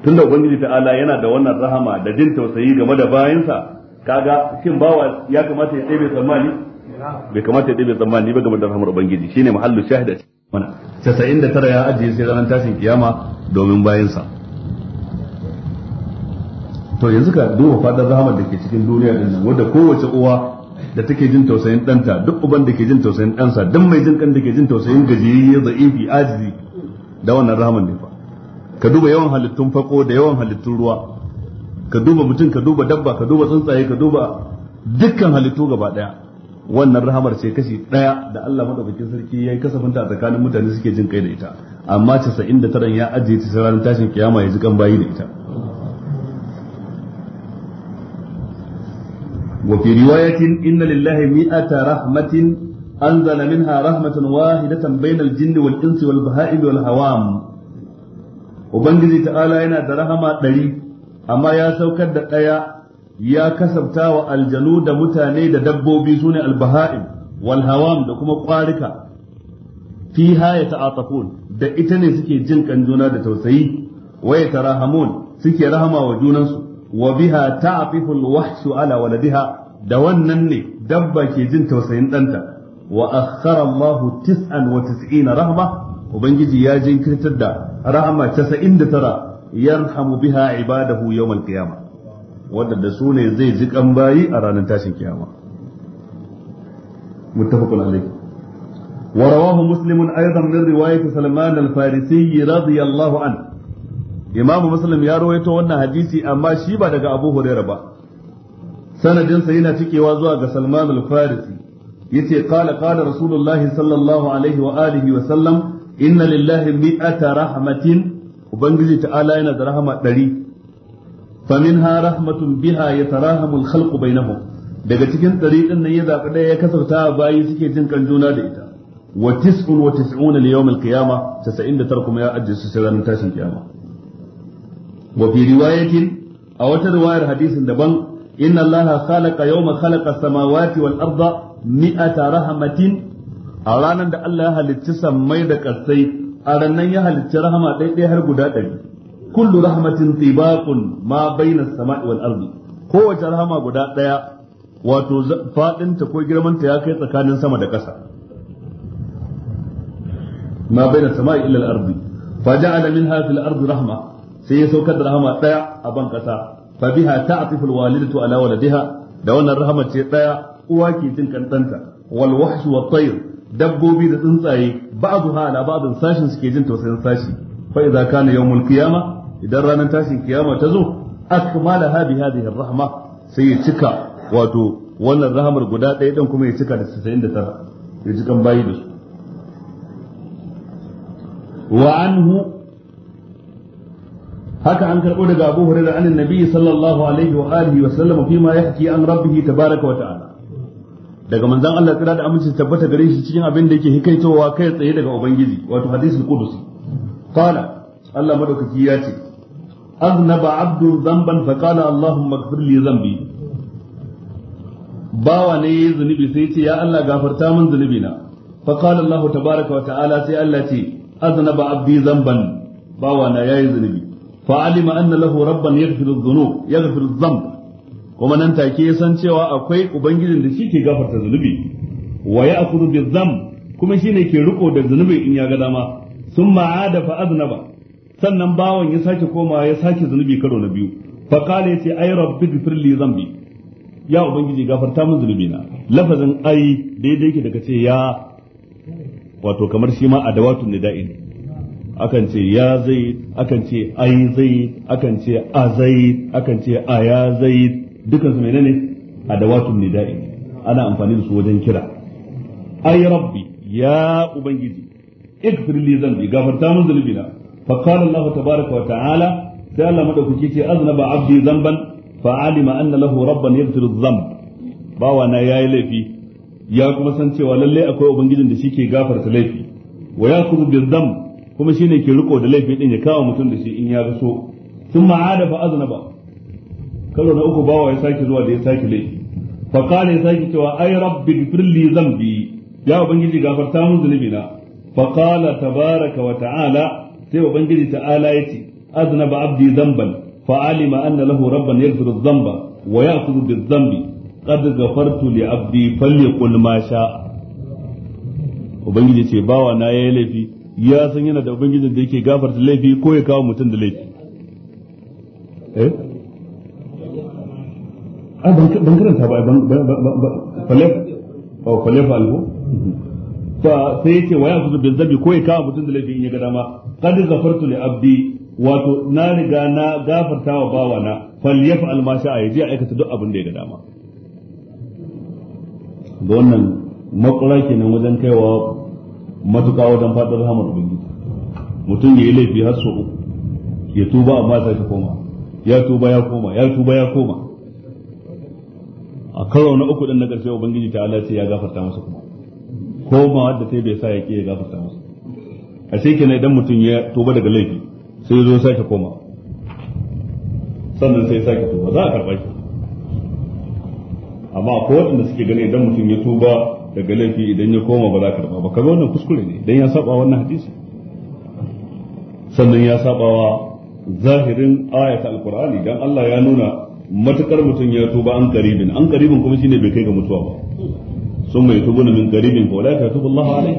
A: Tun da ubangiji ta'ala yana da wannan rahama da jin tausayi game da bayansa kaga shin bawa ya kamata ya ɗebe tsammani bai kamata ya ɗebe tsammani ba game da rahamar ubangiji shine mahallu shahida mana tara ya ajiye sai ranar tashin kiyama domin bayansa to yanzu ka duba fadar rahamar da ke cikin duniya din nan wanda kowace uwa da take jin tausayin ɗanta duk uban da ke jin tausayin ɗansa duk mai jin kan da ke jin tausayin gajiyayye za'ifi ajizi da wannan rahamar ne fa ka duba yawan halittun fako da yawan halittun ruwa ka duba mutum ka duba dabba ka duba tsuntsaye ka duba dukkan halittu gaba daya wannan rahamar ce kashi daya da Allah madaukakin sarki yayi kasafin ta tsakanin mutane suke jin kai da ita amma 99 ya ajiye ta sai ranar tashin kiyama ya ji kan bayi da ita وفي رواية إن لله مئة rahmatan wahidatan bainal jinni wal insi wal bahai wal والهوام ubangiji ta'ala yana da rahama ɗari amma ya saukar da ɗaya ya kasabta wa aljanu da mutane da dabbobi sune albaha'im wal hawam da kuma Kwarika. fiha ya ta'atafun da ita ne suke jin kan da tausayi wa ya tarahamun suke rahama wa junansu wa biha ta'afiful wahshu ala waladiha da wannan ne dabba ke jin tausayin ɗanta wa akhara Allahu tis'an wa rahma ubangiji ya jinkirtar da rahama 99 yarhamu biha ibadahu yawmal qiyamah wadanda su ne zai ji kan bayi a ranar tashin kiyama muttafaqun alayh wa rawahu muslim aidan min riwayat salman al-farisi radiyallahu an imamu muslim ya rawaito wannan hadisi amma shi ba daga abu hurairah ba Sanadinsa yana cikewa zuwa ga salman al-farisi yace qala qala sallallahu alaihi wa sallam inna lillahi mi'ata rahmatin ubangiji ta'ala yana da rahama ɗari faminha rahmatun biha yatarahamu al-khalqu bainahum daga cikin ɗari din nan ya zaɓi ɗaya ya kasauta bayi suke jin kan juna da ita wa tis'un wa tis'una li yawm al 99 kuma ya ajje su sai ranar tashin kiyama wa fi riwayatin a wata riwayar hadisin daban inna allaha khalaqa yawma khalaqa samawati wal arda mi'ata rahmatin a ranar da Allah ya halicci sammai da ƙasai a ranar ya halicci rahama ɗaiɗai har guda ɗari kullu rahmatin tibaqun ma bainas sama'i wal ardi kowace rahama guda ɗaya wato faɗinta ko girmanta ya kai tsakanin sama da ƙasa ma bainas sama'i illa al ardi faja'ala minha fil ardi rahma sai ya saukar da rahama ɗaya a ban ƙasa fa biha ta'tifu al walidatu ala waladiha da wannan rahama ce ɗaya uwa ke jin kantanta wal wahshu wat tayr dabbobi da tsuntsaye ba'du hala ba'dun sashin suke jin tausayin sashi fa idza kana yawmul qiyama idan ranar tashin kiyama ta zo akmalaha bi hadhihi rahma sai ya cika wato wannan rahamar guda ɗaya ɗin kuma ya cika da 99 ya cikan bayi da su wa anhu haka an karɓo daga Abu Hurairah annabi sallallahu alaihi wa alihi wa sallam fi ma yahki an rabbihi tabaraka wa ta'ala daga manzan Allah tsira da aminci tabbata gare shi cikin abin da yake hikaitowa kai tsaye daga ubangiji wato hadisul qudus qala Allah madaukaki ya ce aznaba abdu zamban fa qala allahumma ighfir li zambi bawa ne yayi zunubi sai ce ya Allah gafarta min zunubi na fa qala Allah tabaaraka wa ta'ala sai Allah ce aznaba abdi zamban bawa na yayi zunubi fa alima anna lahu rabban yaghfiru dhunub yaghfiru dhanb kuma nan take ya san cewa akwai ubangijin da shi ke gafarta zunubi wa ya akudu bi zam kuma shi ne ke riko da zunubi in ya ga dama sun ma'ada fa aznaba sannan bawan ya sake koma ya sake zunubi karo na biyu fa kale ce ay rabbi ghfir li zambi ya ubangiji gafarta min zunubi na lafazin ai daidai yake daga ce ya wato kamar shi ma adawatun nida'in akan ce ya zai akan ce ai zai akan ce a zai akan ce a ya ne a menene ne nida'i ana amfani da su wajen kira ay rabbi ya ubangiji ikfir li zambi gafarta min zunubi fa qala allah tabaaraka wa ta'ala sai allah madaukaki ce aznaba abdi zamban fa alima anna lahu rabban yaghfiru dhanb bawa na yayi laifi ya kuma san cewa lalle akwai ubangijin da shike gafarta laifi wa yakhudhu bi dhanb kuma shine ke riko da laifi din ya kawo mutum da shi in ya ga so thumma ada fa aznaba karo na uku bawa ya sake zuwa da ya sake laifi fa kana ya sake cewa ai rabbi firli zambi ya ubangiji gafarta mun zunubi fa qala tabaraka wa ta'ala sai ubangiji ta'ala yace aznaba abdi zamban fa alima anna lahu rabban yaghfiru dhanba wa ya'khudhu bidh-dhanbi qad ghafartu li abdi falyaqul ma sha'a ubangiji ce bawa na yayi laifi ya san yana da ubangijin da yake gafarta laifi ko ya kawo mutum da laifi eh a ban karanta ba falefa alhu oh, fa sai yace waya su bin zabi ko ya kawo mutum da laifin in ya ga dama qad zafartu li abdi wato na riga na gafarta wa na falyafa almasha a yaji a aikata duk abin da ya ga dama ga wannan makura kenan wajen kaiwa matuka wajen fadar hamar ubangiji mutum ya yi laifi har so uku ya tuba amma sai ta koma ya tuba ya koma ya tuba ya koma a karo na uku din na karshe ubangiji ta Allah ce ya gafarta masa kuma komawa da sai bai sa ya ki ya gafarta masa a sai kenan idan mutum ya tuba daga laifi sai ya zo sake koma sannan sai ya sake tuba za a karɓa shi amma akwai waɗanda suke gani idan mutum ya tuba daga laifi idan ya koma ba za a karɓa ba kaga wannan kuskure ne idan ya saba wannan hadisi sannan ya saba wa zahirin ayatul qur'ani dan Allah ya nuna matukar mutum ya tuba an karibin an karibin kuma shine bai kai ga mutuwa ba sun mai tubu min karibin fa wala tatubu Allah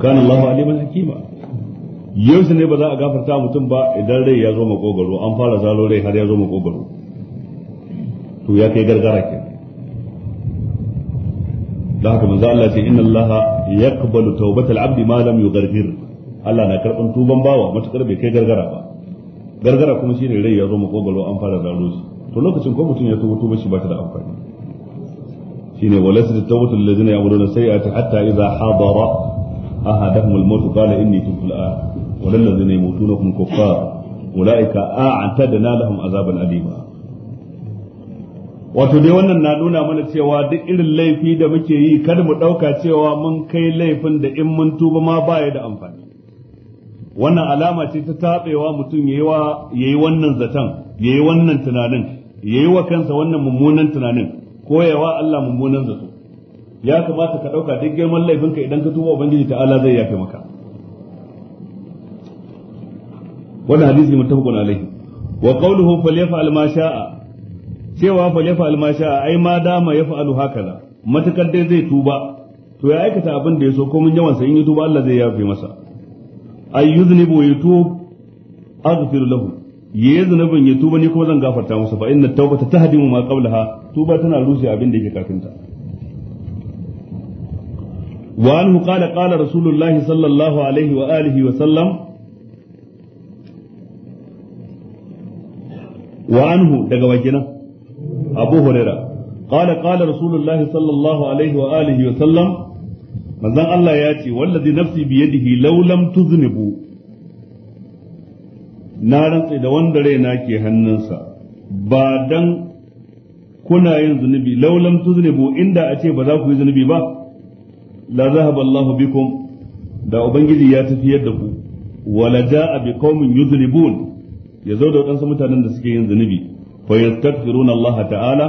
A: kana Allah aliman hakima ne ba za a gafarta mutum ba idan rai ya zo makogaro an fara zalo rai har ya zo makogaro to ya kai gargara ke da haka manzo Allah ce inna Allah yaqbalu tawbatal abdi ma lam yughargir Allah na karban tuban bawa matukar bai kai gargara ba gargara kuma shine rai ya zo makogalo an fara zaro shi to lokacin ko mutum ya tuba tuba shi ba ta da amfani shine walasat tawbatu allazina ya'maluna sayyi'ati hatta idza hadara ahadahum al-maut qala inni tubtu al-an wal ladzina yamutuna hum kuffar ulaika a'tadna lahum azaban alima wato dai wannan na nuna mana cewa duk irin laifi da muke yi kada mu dauka cewa mun kai laifin da in mun tuba ma baya da amfani wannan alama ce ta tabewa mutum ya yi wannan zaton ya yi wannan tunanin ya yi wa kansa wannan mummunan tunanin ko yawa Allah mummunan zato ya kamata ka ɗauka duk girman laifinka idan ka tuba ubangiji ta'ala zai yafe maka wannan hadisi muttafaqun alaihi wa qawluhu falyaf'al ma sha'a cewa falyaf'al ma sha'a ai ma dama yaf'alu hakaza matakar dai zai tuba to ya aikata abin da ya so ko mun yawan sa in ya tuba Allah zai yafe masa ay yuznibu wa yatub aghfir lahu yayi zunubin tuba ni kuma zan gafarta masa fa inna tawbata tahdimu ma qablaha tuba tana rushe abin da yake kafinta wa anhu qala qala rasulullahi sallallahu alaihi wa alihi wa sallam wa anhu daga wakina abu hurairah qala qala rasulullahi sallallahu alaihi wa alihi wa sallam manzon Allah ya ce wallazi nafsi bi yadihi law lam tuznibu na rantsa da wanda raina ke hannunsa ba dan kuna yin zunubi law lam tuznibu inda a ce ba za ku yi zunubi ba la zahaba Allah bikum da ubangiji ya tafiyar da ku wala jaa bi qaumin yuznibun ya zo da wadansu mutanen da suke yin zunubi fa yastaghfiruna Allah ta'ala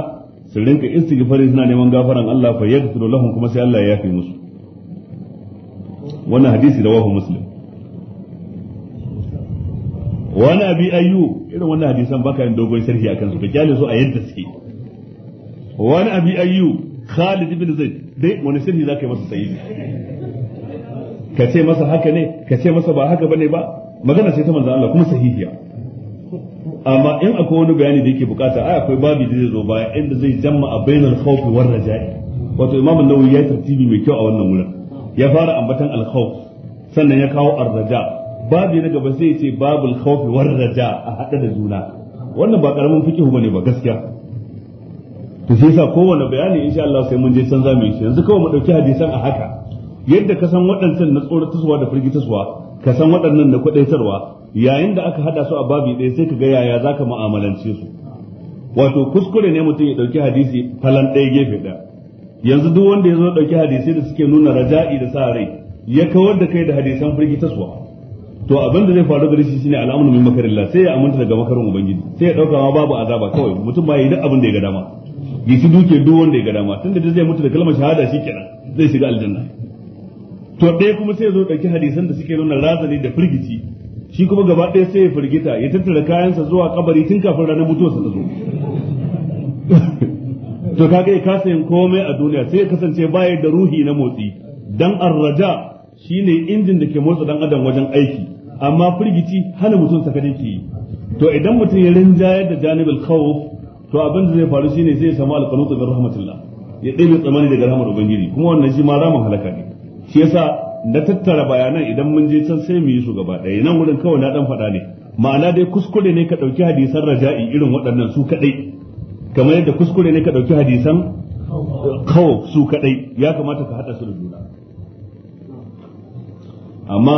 A: su rinka istighfari suna neman gafaran Allah fa yaghfiru lahum kuma sai Allah ya yafe musu wannan hadisi rawahu muslim wani abi ayyu irin wannan hadisan baka yin dogon sharhi akan su to kyale su a yadda suke wani abi ayyu Khalid ibn Zaid dai wani sirri zaka yi masa sayyidi ka ce masa haka ne ka ce masa ba haka bane ba magana sai ta manzo Allah kuma sahihiya amma in akwai wani bayani da yake bukata ai akwai babi da zai zo baya inda zai jamma a bainal khawfi war raja'i wato Imam an-Nawawi ya tartibi mai kyau a wannan wurin ya fara ambatan alkhawf sannan ya kawo arraja babu na gaba sai ce babul khawf war raja a hada da juna wannan ba karamin fikihu bane ba gaskiya to sai yasa kowanne bayani insha Allah sai mun je canza mu yi yanzu kawai mu dauki hadisan a haka yadda ka san waɗancan na tsoratarwa da firgitarwa ka san waɗannan na kwadaitarwa yayin da aka hada su a babi ɗaya sai ka ga yaya zaka mu'amalance su wato kuskure ne mutum ya dauki hadisi falan ɗaya gefe ɗaya yanzu duk wanda ya zo dauki hadisai da suke nuna raja'i da sa rai ya kawar da kai da hadisan firgitaswa to abin da zai faru da shi shine al'amru min makarillah sai ya aminta daga makarin ubangiji sai ya dauka ma babu azaba kawai mutum ba yi duk abin da ya ga dama yi su duke duk wanda ya ga dama tunda da zai mutu da kalmar shahada shi kenan zai shiga aljanna to ɗaya kuma sai ya zo dauki hadisan da suke nuna razani da firgici shi kuma gaba ɗaya sai ya firgita ya tattara kayansa zuwa kabari tun kafin ranar mutuwarsa ta zo to kaga ya kasa komai a duniya sai ya kasance baya da ruhi na motsi dan arraja shine injin da ke motsa dan adam wajen aiki amma firgici hana mutum saka dake to idan mutum ya rinjayar da janibul khawf to abin da zai faru shine sai ya samu alqanutu min rahmatillah ya ɗebe tsamani daga rahmar ubangiji kuma wannan shi ma ramin halaka ne shi yasa na tattara bayanan idan mun je can sai mu yi su gaba ɗaya nan wurin kawai na dan faɗa ne ma'ana dai kuskure ne ka ɗauki hadisan raja'i irin waɗannan su kaɗai kamar yadda kuskure ne ka dauki hadisan kawo su kadai ya kamata ka hada su da juna amma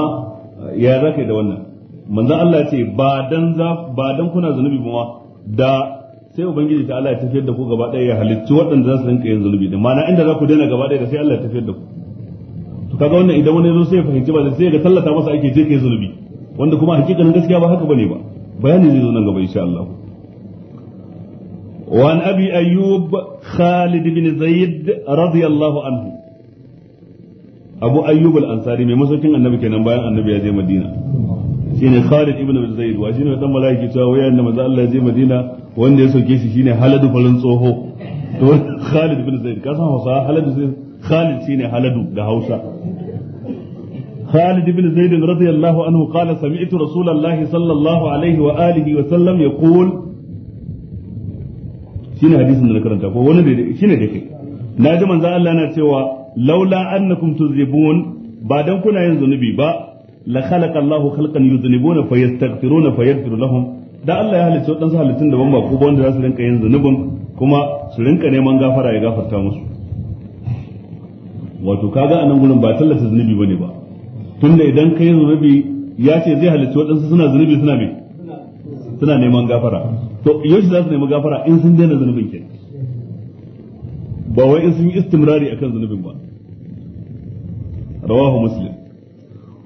A: ya za ka yi da wannan manzan Allah ya ce ba dan ba dan kuna zunubi ba da sai ubangiji ta Allah ya tafiyar da ku gaba ɗaya ya halittu waɗanda za su rinka yin zunubi da ma'ana inda za ku daina gaba ɗaya da sai Allah ya tafiyar da ku to kaga wannan idan wani zo sai ya fahimci ba sai ga tallata masa ake je kai zunubi wanda kuma hakikanin gaskiya ba haka bane ba bayani zai zo nan gaba insha Allah وعن أبي أيوب خالد بن زيد رضي الله عنه أبو أيوب الأنصاري من مسكين النبي كان بيان النبي يجي مدينة shine Khalid ibn Zaid wa shine dan mala'iki cewa wayan da manzo Allah ya je Madina wanda ya soke shi shine Haladu farin tsoho to Khalid ibn Zaid ka san Haladu da Hausa Khalid ibn Zaid radiyallahu anhu qala sami'tu Rasulullahi sallallahu wa sallam shine hadisin da na karanta ko wani da shine da kai na ji manzo Allah na cewa laula annakum tuzibun ba dan kuna yin zunubi ba la khalaqa Allahu khalqan yuzunibuna fa fayaghfiru lahum da Allah ya halicci wadansu halittun daban ba ko wanda za su rinka yin zunubin kuma su rinka neman gafara ya gafarta musu wato kaga anan gurin ba tallata zunubi bane ba tunda idan kai zunubi ya ce zai halicci wadansu suna zunubi suna me suna neman gafara to yaushe za su nemi gafara in sun daina zunubin ke ba wai in sun yi istimrari akan zunubin ba
B: rawahu muslim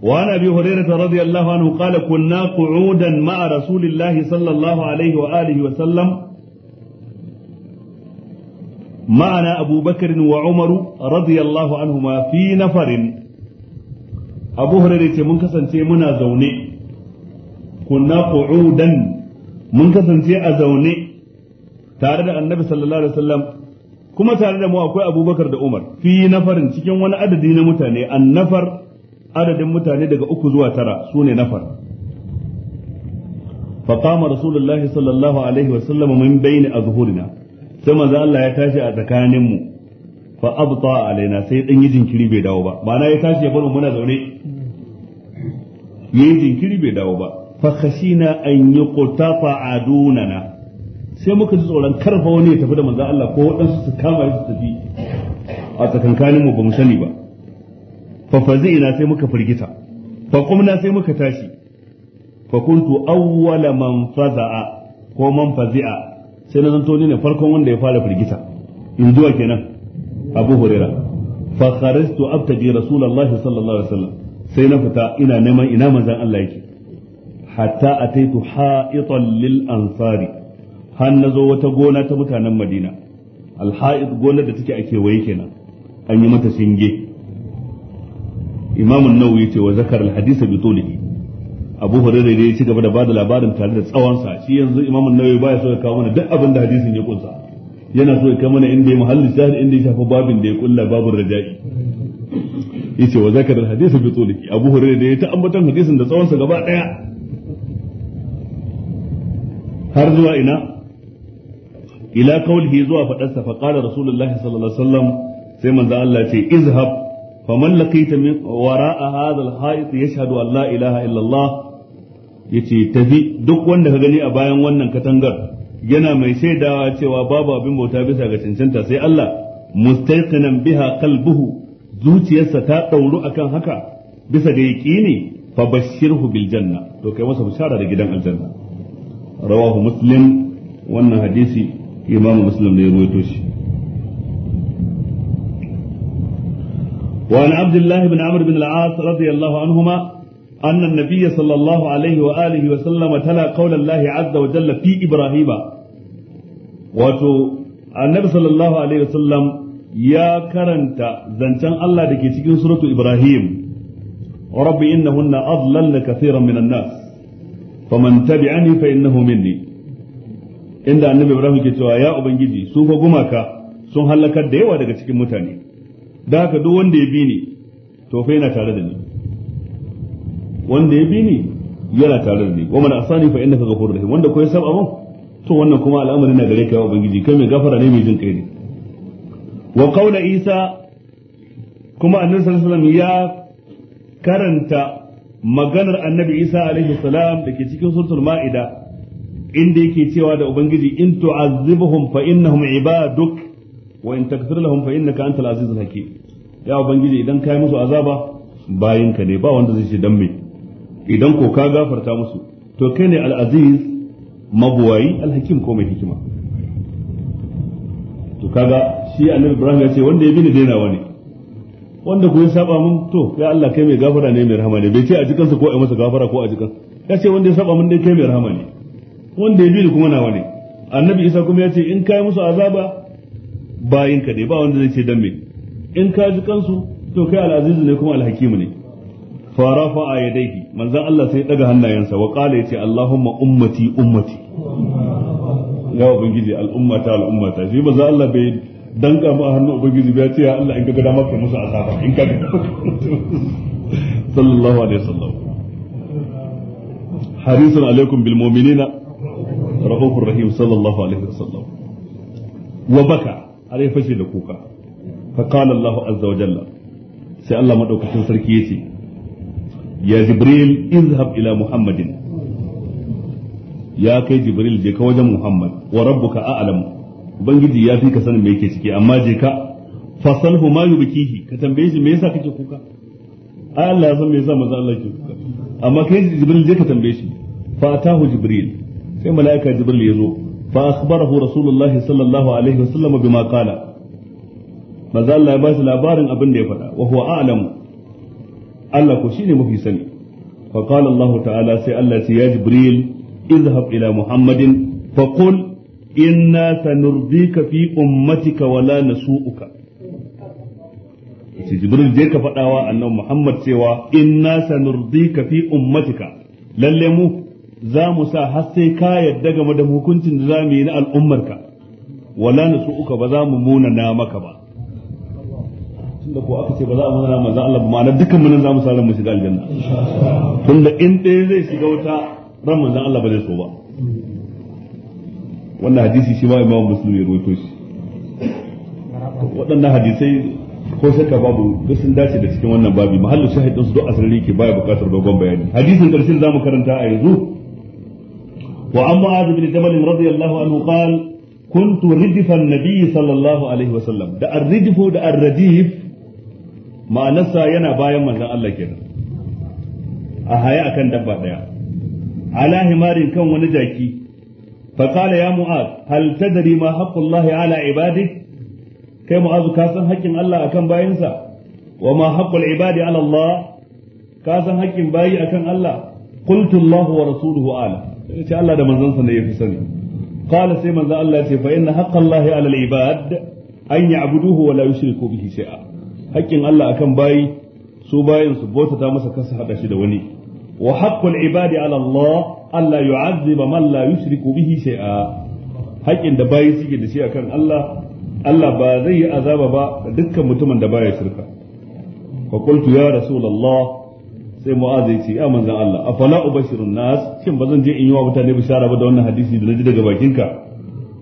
A: وعن ابي هريره رضي الله عنه قال كنا قعودا مع رسول الله صلى الله عليه واله وسلم معنا ابو بكر وعمر رضي الله عنهما في نفر ابو هريره من كسانتي منا زوني كنا قعودا mun kasance a zaune tare da annabi sallallahu alaihi wasallam kuma tare da mu akwai abubakar da umar fi nafarin cikin wani adadi na mutane an nafar adadin mutane daga uku zuwa tara su ne nafar faƙama rasulullahi sallallahu alaihi wasallam min bayni a zuhurina sai maza Allah ya tashi a tsakaninmu fa abta alaina sai dan yi jinkiri bai dawo ba na ya tashi ya bar muna zaune yi jinkiri bai dawo ba fa khashina an yuqtafa adunana sai muka ji tsoron karfa wani ya tafi da manzo Allah ko waɗansu su kama su tafi a tsakankanin mu bamu sani ba fa fazina sai muka firgita fa qumna sai muka tashi fa kuntu awwala man faza'a ko man fazi'a sai na zanto ni ne farkon wanda ya fara firgita in zuwa kenan Abu Hurairah fa kharajtu abtaji rasulullahi sallallahu alaihi wasallam sai na fita ina neman ina manzon Allah yake hatta ataitu ha'itan lil ansari har na zo wata gona ta mutanen madina alha'id gonar da take a kewaye kenan an yi mata shinge imamun nawawi ce wa zakar alhadisa bi abu hurairah ne ya ci gaba da bada labarin tare da tsawon shi yanzu imamun nawawi baya so kawo mana duk abin da hadisin ya kunsa yana so ya kai mana inda ya ya da ya wa abu ya da gaba ɗaya. har zuwa ina ila kaulihi zuwa fadarsa fa qala rasulullahi sallallahu alaihi wasallam sai manzo Allah ce izhab faman laqita min wara'a hadha al-ha'it yashhadu an la ilaha illa Allah yace tafi duk wanda ka gani a bayan wannan katangar yana mai shaidawa cewa babu abin bauta bisa ga cancanta sai Allah mustayqinan biha qalbuhu zuciyarsa ta dauru akan haka bisa ga yaqini fa bashirhu bil janna to kai masa bishara da gidan aljanna rawahu muslim wannan hadisi imam muslim ne ya rawaito shi وعن عبد الله بن عمرو بن العاص رضي الله عنهما أن النبي صلى الله عليه وآله وسلم تلا قول الله عز وجل في إبراهيم wato annabi sallallahu alaihi wasallam ya karanta zancen Allah da ke cikin suratu Ibrahim rabbi innahunna adlalna kathiran minan nas faman tabi'ani fa innahu minni inda annabi ibrahim ke cewa ya ubangiji su fa gumaka sun halakar da yawa daga cikin mutane da haka duk wanda ya bi ni to fa yana tare da ni wanda ya bi ni yana tare da ni wa man asani fa innaka ghafurur rahim wanda koyi ya saba to wannan kuma al'amari na gare ka ya ubangiji kai mai gafara ne mai jin kai ne wa qawla isa kuma annabi sallallahu alaihi wasallam ya karanta maganar annabi isa alaihi salam da ke cikin suratul ma'ida inda yake cewa da ubangiji in tu'azzibuhum fa innahum ibaduk wa in takfir lahum fa innaka antal azizul hakim ya ubangiji idan kai musu azaba bayinka ne ba wanda zai ce dan me idan ko ka gafarta musu to kai ne al aziz mabuwayi al hakim ko mai hikima to kaga shi annabi ibrahim ya ce wanda ya bi ni daina wani wanda ko ya saba mun to ya Allah kai mai gafara ne mai rahama ne bai ce a jikansa ko a masa gafara ko a jikansa ya ce wanda ya saba mun dai kai mai rahama ne wanda ya bi ni kuma nawa ne annabi isa kuma ya ce in kai musu azaba bayin ka ne ba wanda zai ce dan me in ka ji kansu to kai al-aziz ne kuma al-hakim ne fa rafa'a yadayhi manzon Allah sai ya daga hannayensa wa qala yace Allahumma ummati ummati ya ubangiji al-ummata al-ummata shi manzon Allah bai dan kamu a hannun ubangiji ya ce ya Allah in ka ga dama kai musu azaba in ka sallallahu alaihi wasallam harisun alaikum bil mu'minina rahufur rahim sallallahu alaihi wasallam wa baka alai fashe da kuka fa qala Allah azza wa jalla sai Allah madaukakin sarki yace ya jibril izhab ila muhammadin ya kai jibril je ka wajen muhammad wa rabbuka a'lamu ubangiji ya fi ka sanin me yake ciki amma je ka fasalhu ma yubkihi ka tambaye shi me yasa kake kuka ai Allah ya san me yasa maza Allah ke kuka amma kai jibril je ka tambaye shi fa atahu jibril sai malaika jibril ya zo fa akhbarahu rasulullahi sallallahu alaihi wasallam bima qala manzo Allah ya ba shi labarin abin da ya faɗa wa huwa a'lamu Allah ko shine mafi sani fa qala Allah ta'ala sai Allah ya jibril izhab ila muhammadin fa qul inna sanurdika fi ummatika wala nasu'uka sai jibril je ka fadawa annabi muhammad cewa inna sanurdika fi ummatika lalle mu za mu sa har sai ka yadda game da hukuncin da za mu yi na al'ummarka wala nasu'uka ba za mu muna munana maka ba tunda ko aka ce ba za a manana manzan Allah ba ma'ana dukkan munan za mu sa ran mu shiga aljanna tunda in ɗaya zai shiga wuta ran manzan Allah ba zai so ba wannan hadisi shi ma imamu muslim ya rawaito shi waɗannan hadisai ko shakka babu duk sun dace da cikin wannan babi mahallu shahid din su duk asirri ke baya bukatar dogon bayani hadisin karshen zamu karanta a yanzu wa amma azib bin jabal radiyallahu anhu qal kuntu ridfa an sallallahu alaihi wa sallam da ar da ar-radif ma'anarsa yana bayan manzon Allah kenan a haya akan dabba daya ala himarin kan wani jaki فقال يا معاذ هل تدري ما حق الله على عباده كي معاذ كاسن حق الله أكن باينسا وما حق العباد على الله كاسن حق باي أكن الله قلت الله ورسوله أعلم إن الله ده منزل سنة يفسني قال سيما ذا الله فإن حق الله على العباد أن يعبدوه ولا يشركوا به شيئا حق الله أكن باي su bayin su bauta ta masa kasa hada shi da wani wa haqqul ibadi ala Allah Allah yu'azziba man la yushriku bihi shay'a haƙin da bayi suke da shi akan Allah Allah ba zai yi azaba ba dukkan mutumin da baya shirka fa qultu ya rasulullah sai mu'az ya ce ya manzon Allah afala ubashirun nas shin ba zan je in yi wa mutane bishara ba da wannan hadisi da naji daga bakinka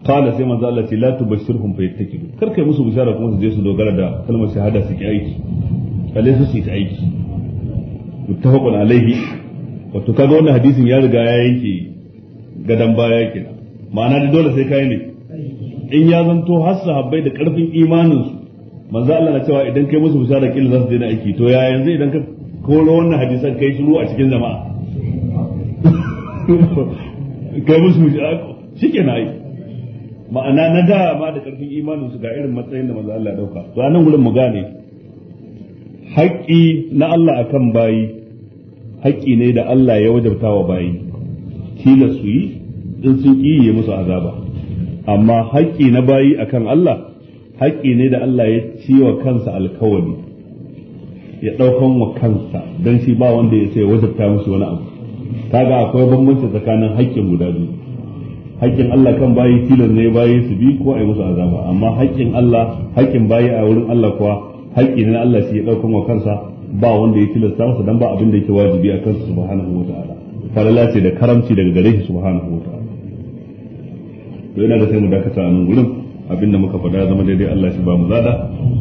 A: qala sai manzon Allah ce la tubashirhum fa yattakidu kar kai musu bishara kuma su je su dogara da kalmar shahada su ki aiki kalle su su aiki muttafaqun alaihi wato kaga wannan hadisin ya riga ya yanke gadan baya kenan ma'ana da dole sai kai ne in ya zanto har sahabbai da karfin imanin su manzo Allah na cewa idan kai musu bishara kila za su daina aiki to ya yanzu idan ka koro wannan hadisan kai shiru a cikin jama'a kai musu bishara shikenan ai ma'ana na da ma da karfin imanin su ga irin matsayin da manzo Allah ya dauka to anan gurin mu gane haƙƙi na Allah akan bayi haƙƙi ne da Allah ya wajabta wa bayi tilas su yi in sun ƙi yi musu azaba amma haƙƙi na bayi akan Allah haƙƙi ne da Allah ya ci wa kansa alkawari ya ɗaukan wa kansa don shi ba wanda ya sai wajabta musu wani abu kaga akwai bambanci tsakanin haƙƙin guda biyu haƙƙin Allah kan bayi tilas ne bayi su bi ko a yi musu azaba amma haƙƙin Allah haƙƙin bayi a wurin Allah kuwa haƙƙi ne na Allah shi ya ɗaukan wa kansa ba wanda ya tilasta masa dan ba abin da yake wajibi akan su subhanahu wataala falala ce da karamci daga gare shi subhanahu wataala to yana da sai mu dakata a nan gurin abin da muka faɗa zama daidai Allah shi ba mu zada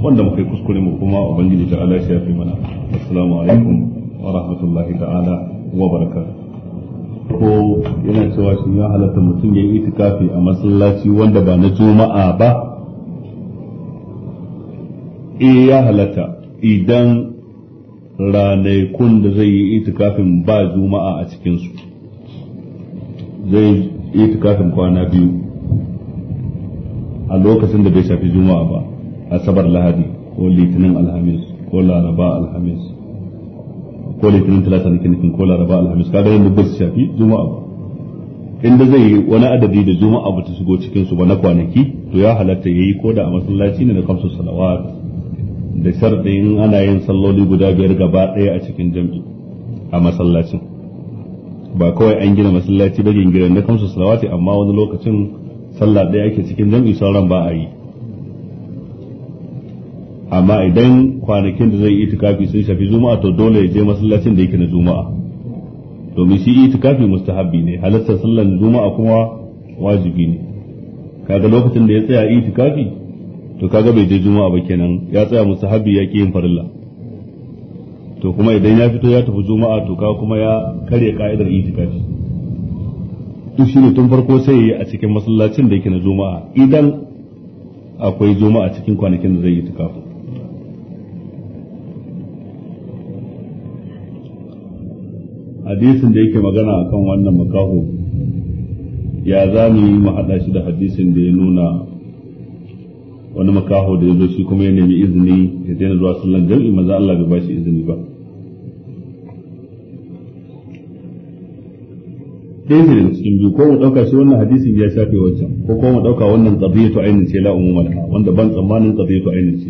A: wanda muka yi kuskure mu kuma ubangiji ta Allah shi ya fi mana assalamu alaikum wa rahmatullahi ta'ala wa barakatuh ko yana cewa shi ya halatta mutum ya yi itikafi a masallaci wanda ba na juma'a ba eh ya halatta idan ranakun da zai yi itikafin ba juma'a a cikinsu zai yi itikafin kwana biyu a lokacin da bai shafi juma'a ba asabar lahadi ko litinin alhamis ko laraba alhamis ko litinin talata nake nufin ko laraba alhamis kaga yanda bai shafi juma'a ba inda zai yi wani adadi da juma'a ba ta shigo cikinsu ba na kwanaki to ya halatta yayi ko da a masallaci ne da kamsu salawat da sharɗin ana yin salloli guda biyar gaba ɗaya a cikin jam'i a masallacin ba kawai an gina masallaci ba gingiren na kamsu salawati amma wani lokacin sallah ɗaya ake cikin jam'i sauran ba a yi amma idan kwanakin da zai yi itikafi sun shafi juma'a to dole ya je masallacin da yake na juma'a domin shi itikafi mustahabbi ne halartar sallar juma'a kuma wajibi ne kaga lokacin da ya tsaya itikafi to kaga bai je juma'a ba kenan ya tsaya musu habi ya ki yin farilla to kuma idan ya fito ya tafi juma'a to ka kuma ya karya ka'idar itikafi to shine tun farko sai yi a cikin masallacin da yake na juma'a idan akwai juma'a cikin kwanakin da zai yi itikafi hadisin da yake magana akan wannan makaho ya za mu yi mu shi da hadisin da ya nuna wani makaho da ya zo shi kuma ya nemi izini ya daina zuwa sallan jam'i maza Allah bai ba shi izini ba ɗaya ce daga cikin biyu ko mu ɗauka shi wannan hadisin ya shafe wancan ko ko mu ɗauka wannan qadiyatu ainin ce la umumala wanda ban tsammanin qadiyatu ainin ce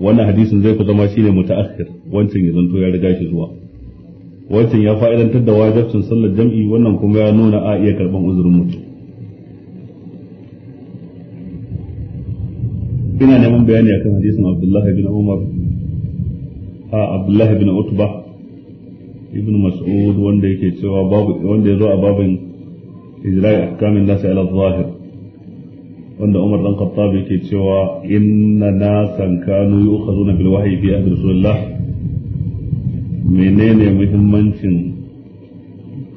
A: wannan hadisin zai ku zama shi shine mutaakhir wancan ya zanto ya riga shi zuwa wancan ya fa'idantar da wajibcin sallar jam'i wannan kuma ya nuna a iya karban uzurin mutum ina neman bayani akan hadisin Abdullahi bin Umar a Abdullahi bin Utba ibn Mas'ud wanda yake cewa babu wanda ya zo a babin ijra'i ahkamin nasi ala zahir wanda Umar dan Khattab yake cewa inna nasan kanu yu'khazuna bil wahyi fi ahli Rasulullah menene muhimmancin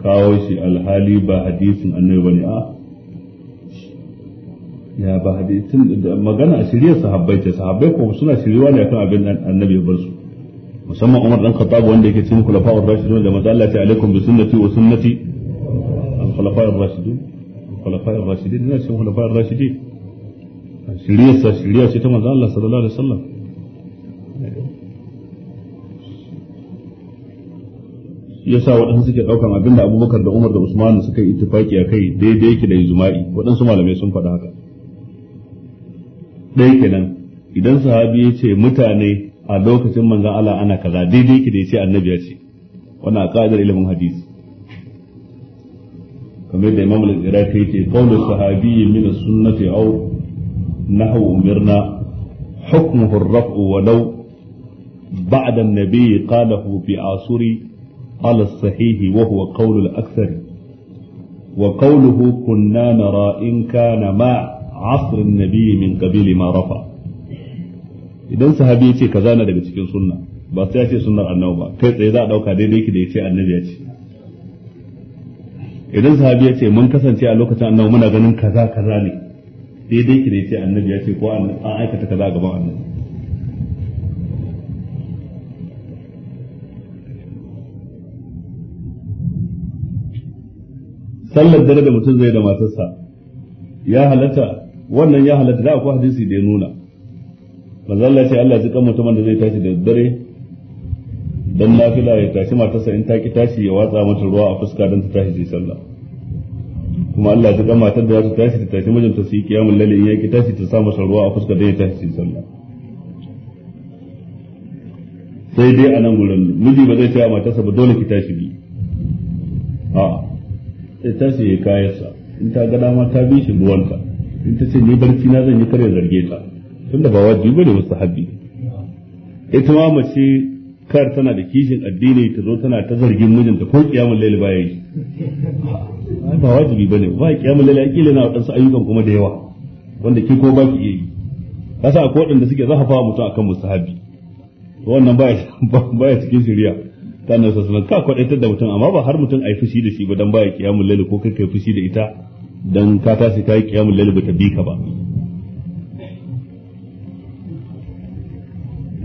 A: kawo shi alhali ba hadisin annabi bane ah, ya ba hadisin magana a shirya sahabbai ta sahabbai ko suna shiriwa ne akan abin annabi ya bar su musamman Umar dan Khattab wanda yake cikin khulafa'ur rashidun da manzo Allah ya alaikum bi sunnati wa sunnati al khulafa'ur rashidun khulafa'ur rashidin ina cikin khulafa'ur rashidin shirya sa shirya ce ta manzo Allah sallallahu alaihi wasallam yasa waɗansu suke ɗaukan abin da abubakar da umar da usman suka yi ittifaki a kai daidai yake da ijma'i waɗansu malamai sun faɗa haka ɗaya kenan idan sahabi ya ce mutane a lokacin manzan Allah ana kaza daidai ki da ce annabi ya ce wannan a ka'idar ilimin hadisi kamar da imam al-iraqi yake qawlu sahabi min as-sunnati aw nahwu umirna hukmuhu ar-raf'u wa ba'da an-nabi qalahu bi asuri على الصحيح وهو قول الأكثر وقوله كنا نرى إن كان ma. asr an-nabi min qabili ma rafa idan sahabi yace kaza na daga cikin sunna ba sai ya ce sunnar annabi ba kai tsaye za a dauka daidai ki da yace annabi ya ce idan sahabi ya ce mun kasance a lokacin annabi muna ganin kaza kaza ne daidai ki da yace annabi ya ce ko an aikata kaza a gaban annabi sallar dare da mutum zai da matarsa ya halatta wannan ya halatta da akwai hadisi da ya nuna manzo Allah ce Allah zai kamata mutumin da zai tashi da dare dan nafila ya tashi matarsa in ta ki tashi ya watsa mata ruwa a fuska dan ta tashi sai sallah kuma Allah ya kan matar da za ta tashi ta tashi mijinta su yi kiyamul layl in ya ki tashi ta sa masa ruwa a fuska dan ya tashi sai sallah sai dai a nan gurin miji ba zai ce a matarsa ba dole ki tashi bi a sai tashi ya kayansa in ta ga dama ta bi shi ruwanta in ta ce ni barci na zan yi kare zarge ta tunda ba wajibi bane mustahabbi ita ma mace kar tana da kishin addini ta zo tana ta zargin mijinta ko kiyamul laili ba yayi ba wajibi bane ba kiyamul laili kila na wadansu ayyukan kuma da yawa wanda ke ko ba ki yi kasa akwai wadanda suke zahafa mutum akan mustahabi wannan baya baya cikin shari'a ta nan sasana ka kwadaitar da mutum amma ba har mutum ai fushi da shi ba dan baya kiyamul laili ko kai kai fushi da ita dan ka tashi kai kiyamul layl bata bi ka ba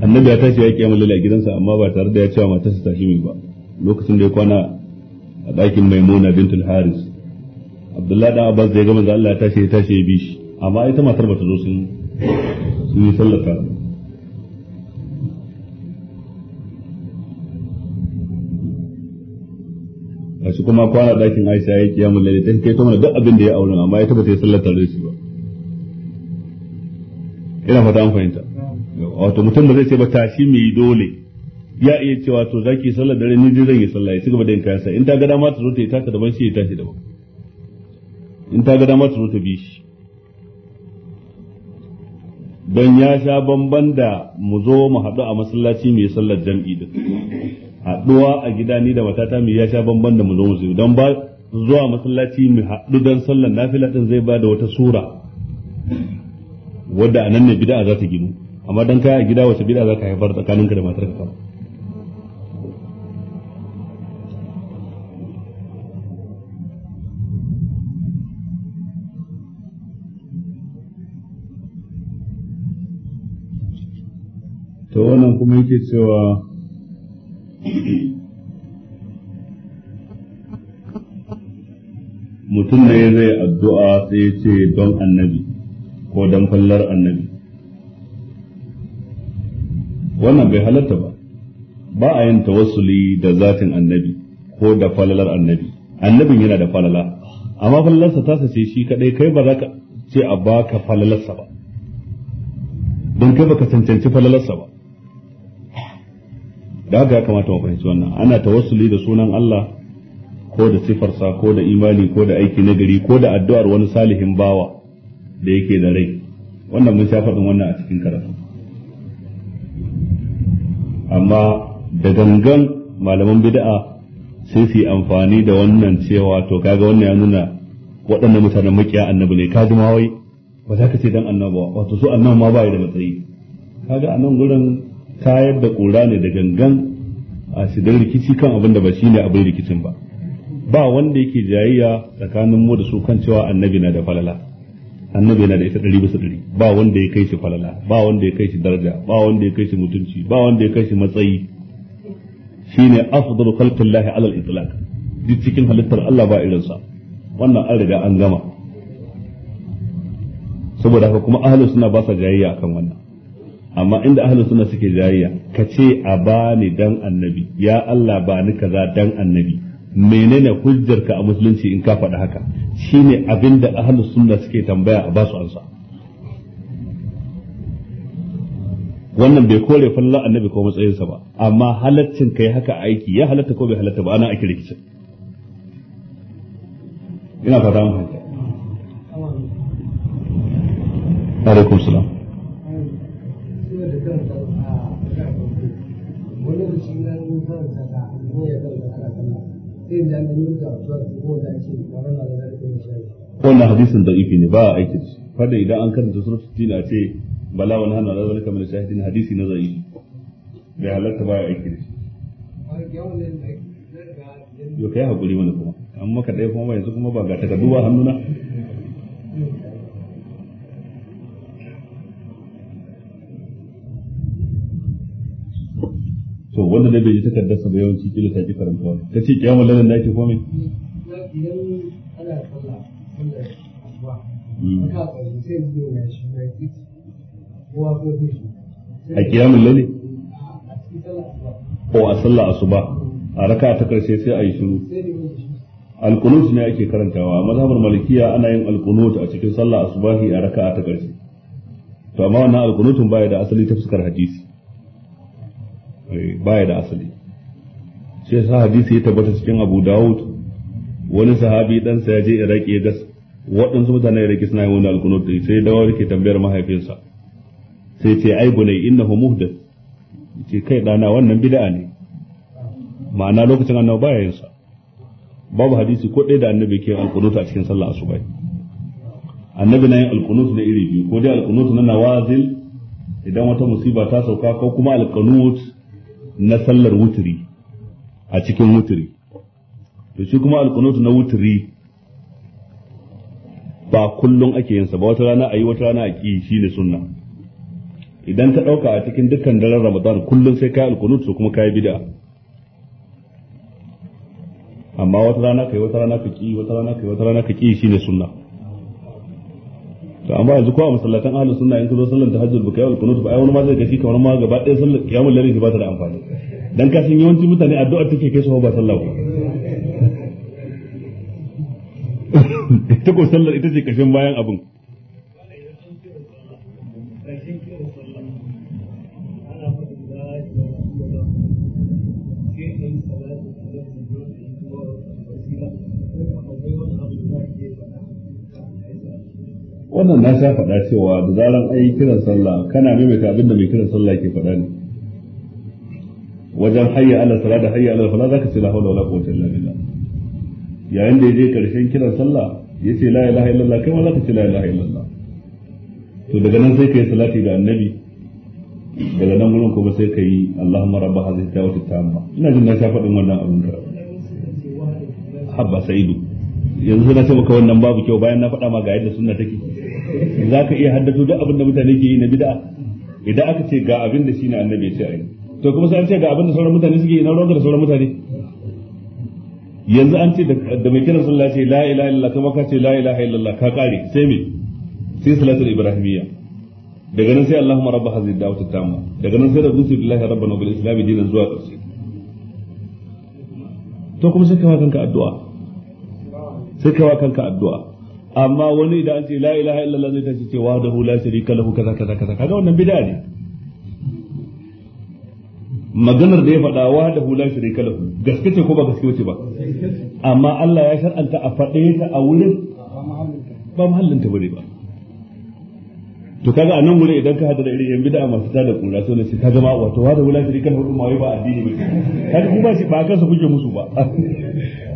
A: annabi ya tashi ya kiyamul layl a gidansa amma ba tare da ya cewa matarsa ta shi ba lokacin da ya kwana a ɗakin maimuna bintul haris abdullahi dan abbas da ya ga manzo Allah ya tashi ya tashi bi shi amma ita matar bata zo sun yi sallar shi kuma kwana dakin Aisha yi kiyamul layl ta kai to mana duk abin da ya aure amma ya ba ta yi sallar tare shi ba ina fata an fahimta wato mutum ba zai ce ba tashi mai dole ya iya cewa to zaki sallar dare ni zai yi sallah ya ci gaba da yin kayansa in ta ga dama ta zo ta yi taka ban shi ya tashi ban in ta ga dama ta zo ta bi shi don ya sha bamban da mu zo mu haɗu a masallaci mai sallar jam'i da haɗuwa a gida ni da matata mai ya sha bamban da mu zo musu don ba zuwa masallaci mu haɗu don sallar nafila din zai ba da wata sura wadda anan ne bid'a za ta ginu amma dan kai a gida wace bid'a za ka haifar tsakaninka da matarka ka. to wannan kuma yake cewa mutum ne zai addu'a sai ya ce don annabi ko don fallar annabi wannan bai halatta ba ba a yin tawassuli da zatin annabi ko da falalar annabi annabin yana da falala amma falalarsa ta sace shi kadai kai ba za ka ce a baka falalarsa ba don kai ba ka cancanci falalarsa ba da haka ya kamata mu fahimci wannan ana tawassuli da sunan Allah ko da sifarsa ko da imani ko da aiki nagari ko da addu'ar wani salihin bawa da yake da rai wannan mun shafa din wannan a cikin karatu amma da gangan malaman bid'a sai su yi amfani da wannan cewa to kaga wannan ya nuna waɗannan mutanen makiya annabi ne kaji ma wai ba za ka ce dan annabawa wato su annabi ma ba da matsayi kaga a nan gurin tayar da ƙura ne da gangan a shigar rikici kan abin da ba shi ne abin rikicin ba ba wanda yake jayayya tsakanin mu da su kan cewa annabi na da falala annabi na da ita ɗari bisa ɗari ba wanda ya kai shi falala ba wanda ya kai shi daraja ba wanda ya kai shi mutunci ba wanda ya kai shi matsayi shine afdalu khalqillahi ala al-itlaq duk cikin halittar Allah ba irinsa wannan an riga an gama saboda haka kuma ahlus suna ba sa jayayya akan wannan amma inda ahlus sunna suke jayayya ka ce a bani dan annabi ya Allah ba ni kaza dan annabi menene hujjarka a musulunci in ka faɗi haka shine abinda ahlus sunna suke tambaya a basu ansa wannan bai kore falla annabi ko matsayinsa ba amma halaccin kai haka aiki ya halatta ko bai halatta ba ana ake rikicin ina fata mun haka alaikum salam wannan hadisin da ifi ne ba a aiki fada idan an karanta surat tina ce bala wani hannu ala zalika min shahidin hadisi na zai bai halatta ba a aiki da shi
B: yo kai hakuri wani kuma
A: amma maka ɗaya kuma yanzu kuma ba ga takardu ba hannuna to wanda ne bai ji takardar sa ba yawanci kila ta ki ta ce kiyamul lailin na yake ko me
B: hmm. a kiyamu Lalle?
A: ko a sallah asuba a raka ta karshe sai a yi shiru alkunut ne ake karantawa a mazhabar malikiya ana yin alkunut a cikin sallah asubahi a raka ta karshe to amma wannan alkunutun baya da asali ta fuskar hadisi Eh, baya da asali shi yasa hadisi ya tabbata cikin Abu Dawud wani sahabi dan sa je Iraki ya gas waɗansu mutane Iraki suna yin wani alkunut sai dawo ke tambayar mahaifinsa sai ce ai bunai innahu muhdath ce kai dana wannan bid'a ne ma'ana lokacin annabi baya yin sa babu hadisi ko ɗaya da annabi ke alkunut a cikin sallah asuba annabi na yin alkunut da iri biyu ko dai alkunut na nawazil idan wata musiba ta sauka ko kuma alkunut na sallar wuturi a cikin wuturi da shi kuma alkunutu na wuturi ba kullum ake yinsa ba wata rana a yi wata rana a ƙi shi ne sunna idan ka ɗauka a cikin dukkan daren ramadan kullum sai ka yi alkunut su kuma ka yi bida amma wata rana ka yi wata rana ka ƙi wata rana ka yi wata rana ka ƙi shi ne sunna to amma yanzu kowa masallatan ahlus sunna in kazo sallan tahajjud baka yawal kunut ba ai wani ma zai kashi kamar ma gaba ɗaya sallar kiyamul lailin ba ta da amfani dan ka san yawancin mutane addu'a take kai su ba sallah ba ita ko sallar ita ce kashin bayan abin wannan na sha faɗa cewa da zaran an yi kiran sallah kana maimaita abin da mai kiran sallah ke faɗa ne wajen hayya ala sala da hayya ala sala zaka ce la hawla wala quwwata illa billah yayin da yaje karshen kiran sallah yace la ilaha illallah kai ma zaka ce la ilaha illallah to daga nan sai kai salati ga annabi daga nan gurin kuma sai kai allahumma rabb hadhihi da'wati tamma ina jin na sha faɗin wannan abin ka habba sa'idu yanzu na ce maka wannan babu kyau bayan na faɗa ma ga yadda sunna take za ka iya haddasa duk abin da mutane ke yi na bid'a idan aka ce ga abin da shine annabi ya ce ai to kuma sai an ce ga abin da sauran mutane suke yi na rogar da sauran mutane yanzu an ce da mai kiran sallah ce la ilaha illallah kuma ka ce la ilaha illallah ka kare sai me sai salatul ibrahimiyya daga nan sai allahumma rabb hadhihi da'wat tamma daga nan sai rabbi billahi rabbana bil islam dinan zuwa ƙarshe to kuma sai ka kanka addu'a sai ka kanka addu'a amma wani da an ce la ilaha illallah zai tashi ce wa dahu la sharika lahu kaza kaza kaza kaga wannan bid'a ne maganar da ya faɗa dahu la sharika lahu gaske ce ko ba gaske ce ba amma Allah ya shar'anta a faɗe ta a wurin ba mahallin ta bare ba to kaga anan gure idan ka hada da irin yan bid'a masu tada kura so ne sai ka ma wato wa da wulafi kan hudu ma wai ba addini ba kaga kuma ba shi ba kansa kuke musu ba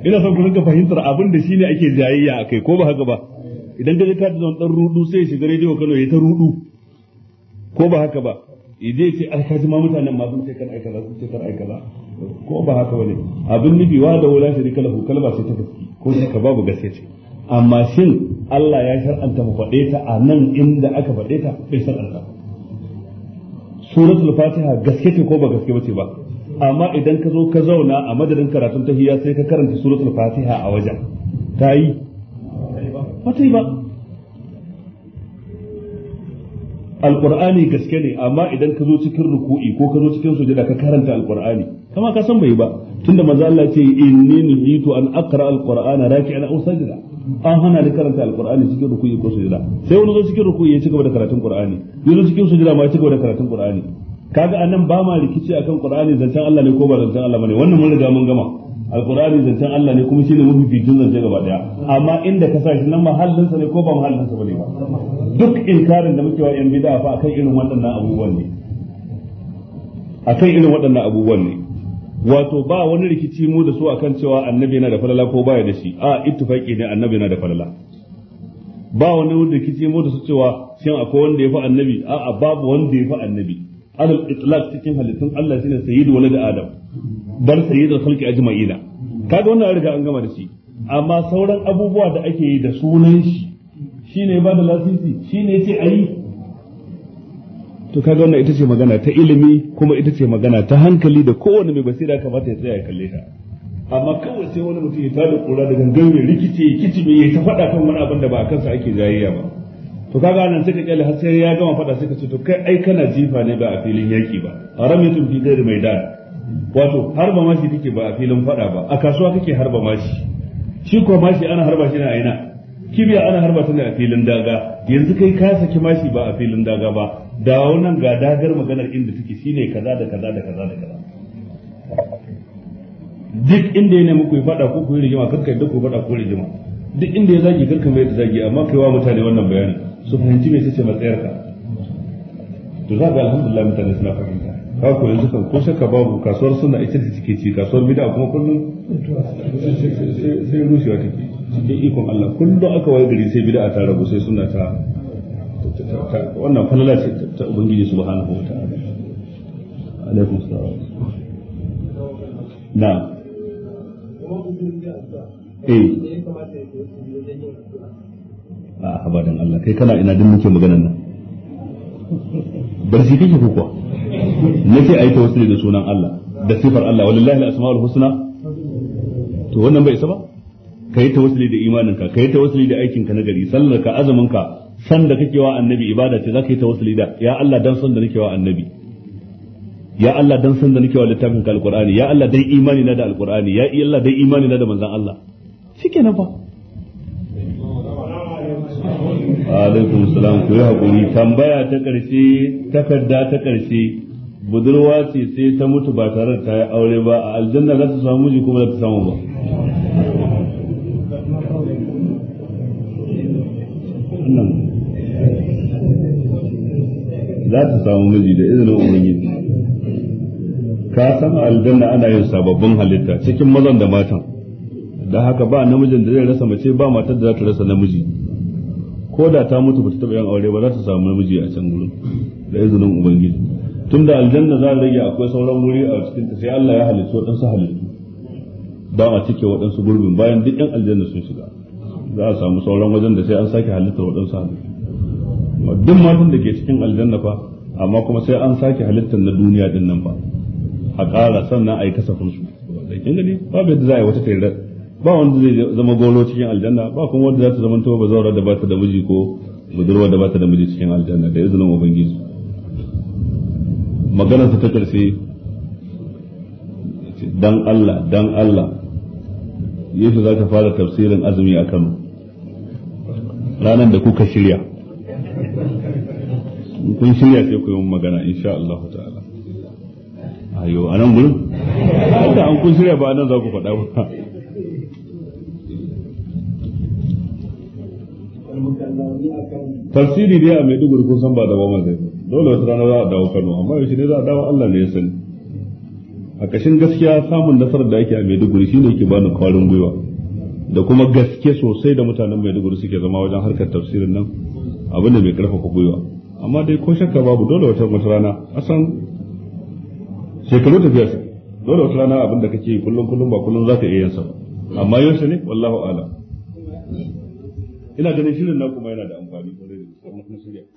A: ina son ku rinka fahimtar abin da shine ake jayayya akai ko ba haka ba idan gari ka zama dan rudu sai shiga rediyo Kano ya ta rudu ko ba haka ba idai ce ai kaji ma mutanen ma sun ce kan aika za su ce kan aika ba ko ba haka bane abin nufi wa da wulafi kan hudu kalma ce ta gaske ko shi ka babu gaske ce amma shin Allah ya shar'anta mu faɗe ta a nan inda aka faɗe ta bai shar'anta suratul fatiha gaske ce ko ba gaske ce ba amma idan ka zo ka zauna a madadin karatun tahiyya sai ka karanta suratul fatiha a wajen ta yi ba ta yi ba alqur'ani gaske ne amma idan ka zo cikin ruku'i ko ka zo cikin sujada ka karanta alqur'ani kama ka san bai ba tunda manzo Allah ce inni nuhitu an aqra alqur'ana raki'an aw sajida an hana ni karanta alqur'ani cikin ruku'i ko sujada sai wani zo cikin ruku'i ya cigaba da karatun qur'ani ya zo cikin sujada ma ya cigaba da karatun qur'ani kaga anan ba ma rikici akan qur'ani zancen Allah ne ko ba zancen Allah bane wannan mun riga mun gama da zancen Allah ne kuma shine fitin zance gaba daya amma inda ka sa shi nan mahallinsa ne ko ba mahallinsa bane ba duk inkarin da muke wa yan bid'a fa akan irin waɗannan abubuwan ne akan irin waɗannan abubuwan ne wato ba wani rikici mu da su akan cewa annabi yana da falala ko baya da shi a ittifaqi ne annabi yana da falala ba wani rikici mu da su cewa shin akwai wanda ya fi annabi A'a babu wanda ya fi annabi alal itlaq cikin halittun Allah shine sayyidu walad adam bar sayyidul khalqi ajma'ina kaga wannan riga an gama da shi amma sauran abubuwa da ake yi da sunan shi shine ba da lasisi shine yace ayi to kaga wannan ita ce magana ta ilimi kuma ita ce magana ta hankali da kowane mai basira kamata ya tsaya ya kalle ta amma kawai sai wani mutum ya tada kura da gangan ya rikice ya kici ya ta faɗa kan wani abin da ba a kansa ake jayayya ba to kaga nan sai ka kyale har sai ya gama faɗa sai ka ce to kai ai kana jifa ne ba a filin yaki ba haram ya tumfi maidan mai wato harba mashi take ba a filin fada ba a kasuwa kake harba mashi shi ko mashi ana harba shi na aina kibiya ana harba ta ne a filin daga yanzu kai ka saki mashi ba a filin daga ba da wannan ga dagar maganar inda take shine kaza da kaza da kaza da kaza duk inda ne muku ku fada ko ku yi rigima kanka yadda ku fada ko rigima duk inda ya zagi kanka mai da zagi amma kai wa mutane wannan bayani su fahimci me sace matsayarka to za ga alhamdulillah mutane suna fahimta ka yanzu kan ko shakka babu kasuwar suna ita da take ci kasuwar bid'a kuma kullum sai rushewa take cikin ikon Allah kullum aka wani gari sai bid'a ta rabu sai suna ta wannan falala ce ta ubangiji su subhanahu wa ta'ala alaikum salam na eh a ah, habadan Allah kai kana ina din muke maganar nan barci kake ko kuwa nace ayi tawassuli da sunan Allah da sifar Allah wallahi al-asmaul husna to wannan bai isa ba kai tawassuli da imaninka kai tawassuli da aikinka na gari sallar ka azumin ka san da kake wa annabi ibada ce zaka yi tawassuli da ya Allah dan san da nake wa annabi ya Allah dan san da nake wa littafin ka alqur'ani ya Allah dan imani na da alqur'ani ya Allah dan imani na da manzon Allah shikenan fa alaikum salam ku yi hakuri tambaya ta ƙarshe takarda ta ƙarshe budurwa ce sai ta mutu ba tare da ta yi aure ba a aljanna za ta samu miji kuma za ta samu ba za ta samu miji da izinin ubangiji ka san aljanna ana yin sababbin halitta cikin mazan da matan da haka ba namijin da zai rasa mace ba matar da za ta rasa namiji ko da ta mutu ba ta taɓa yin aure ba za ta samu namiji a can gurin da izinin ubangiji tun da aljanna za a rage akwai sauran wuri a cikin ta sai Allah ya halittu waɗansu halittu ba a cike waɗansu gurbin bayan duk yan aljanna sun shiga za a samu sauran wajen da sai an sake halittar waɗansu halittu duk matan da ke cikin aljanna fa amma kuma sai an sake halittar na duniya din nan fa a ƙara sannan a yi kasafin su kin gani babu yadda za a yi wata ba wanda zai zama gono cikin aljanna ba kuma wanda za ta zama to zaura da ba ta da miji ko budurwa da ba ta da miji cikin aljanna da izinin ubangiji maganar ta karshe dan Allah dan Allah yake za ka fara tafsirin azumi a Kano ranar da kuka shirya kun shirya sai ku yi magana insha Allah ta'ala ayo a nan gurin an kun shirya ba nan za ku faɗa ba tafsiri dai a Maiduguri kun san ba da bama zai dole wata rana za a dawo Kano amma yaushe ne za a dawo Allah ne ya sani a kashin gaskiya samun nasarar da ake a Maiduguri shine yake bani kwarin gwiwa da kuma gaske sosai da mutanen mai Maiduguri suke zama wajen harkar tafsirin nan abin da bai karfafa gwiwa amma dai ko shakka babu dole wata wata rana san shekaru tafiya su dole wata rana abin da kake kullum kullum ba kullum za ka iya yin sa amma yaushe
B: ne wallahu a'lam ina ganin shirin na kuma yana da amfani kwarai da gaske kuma shirya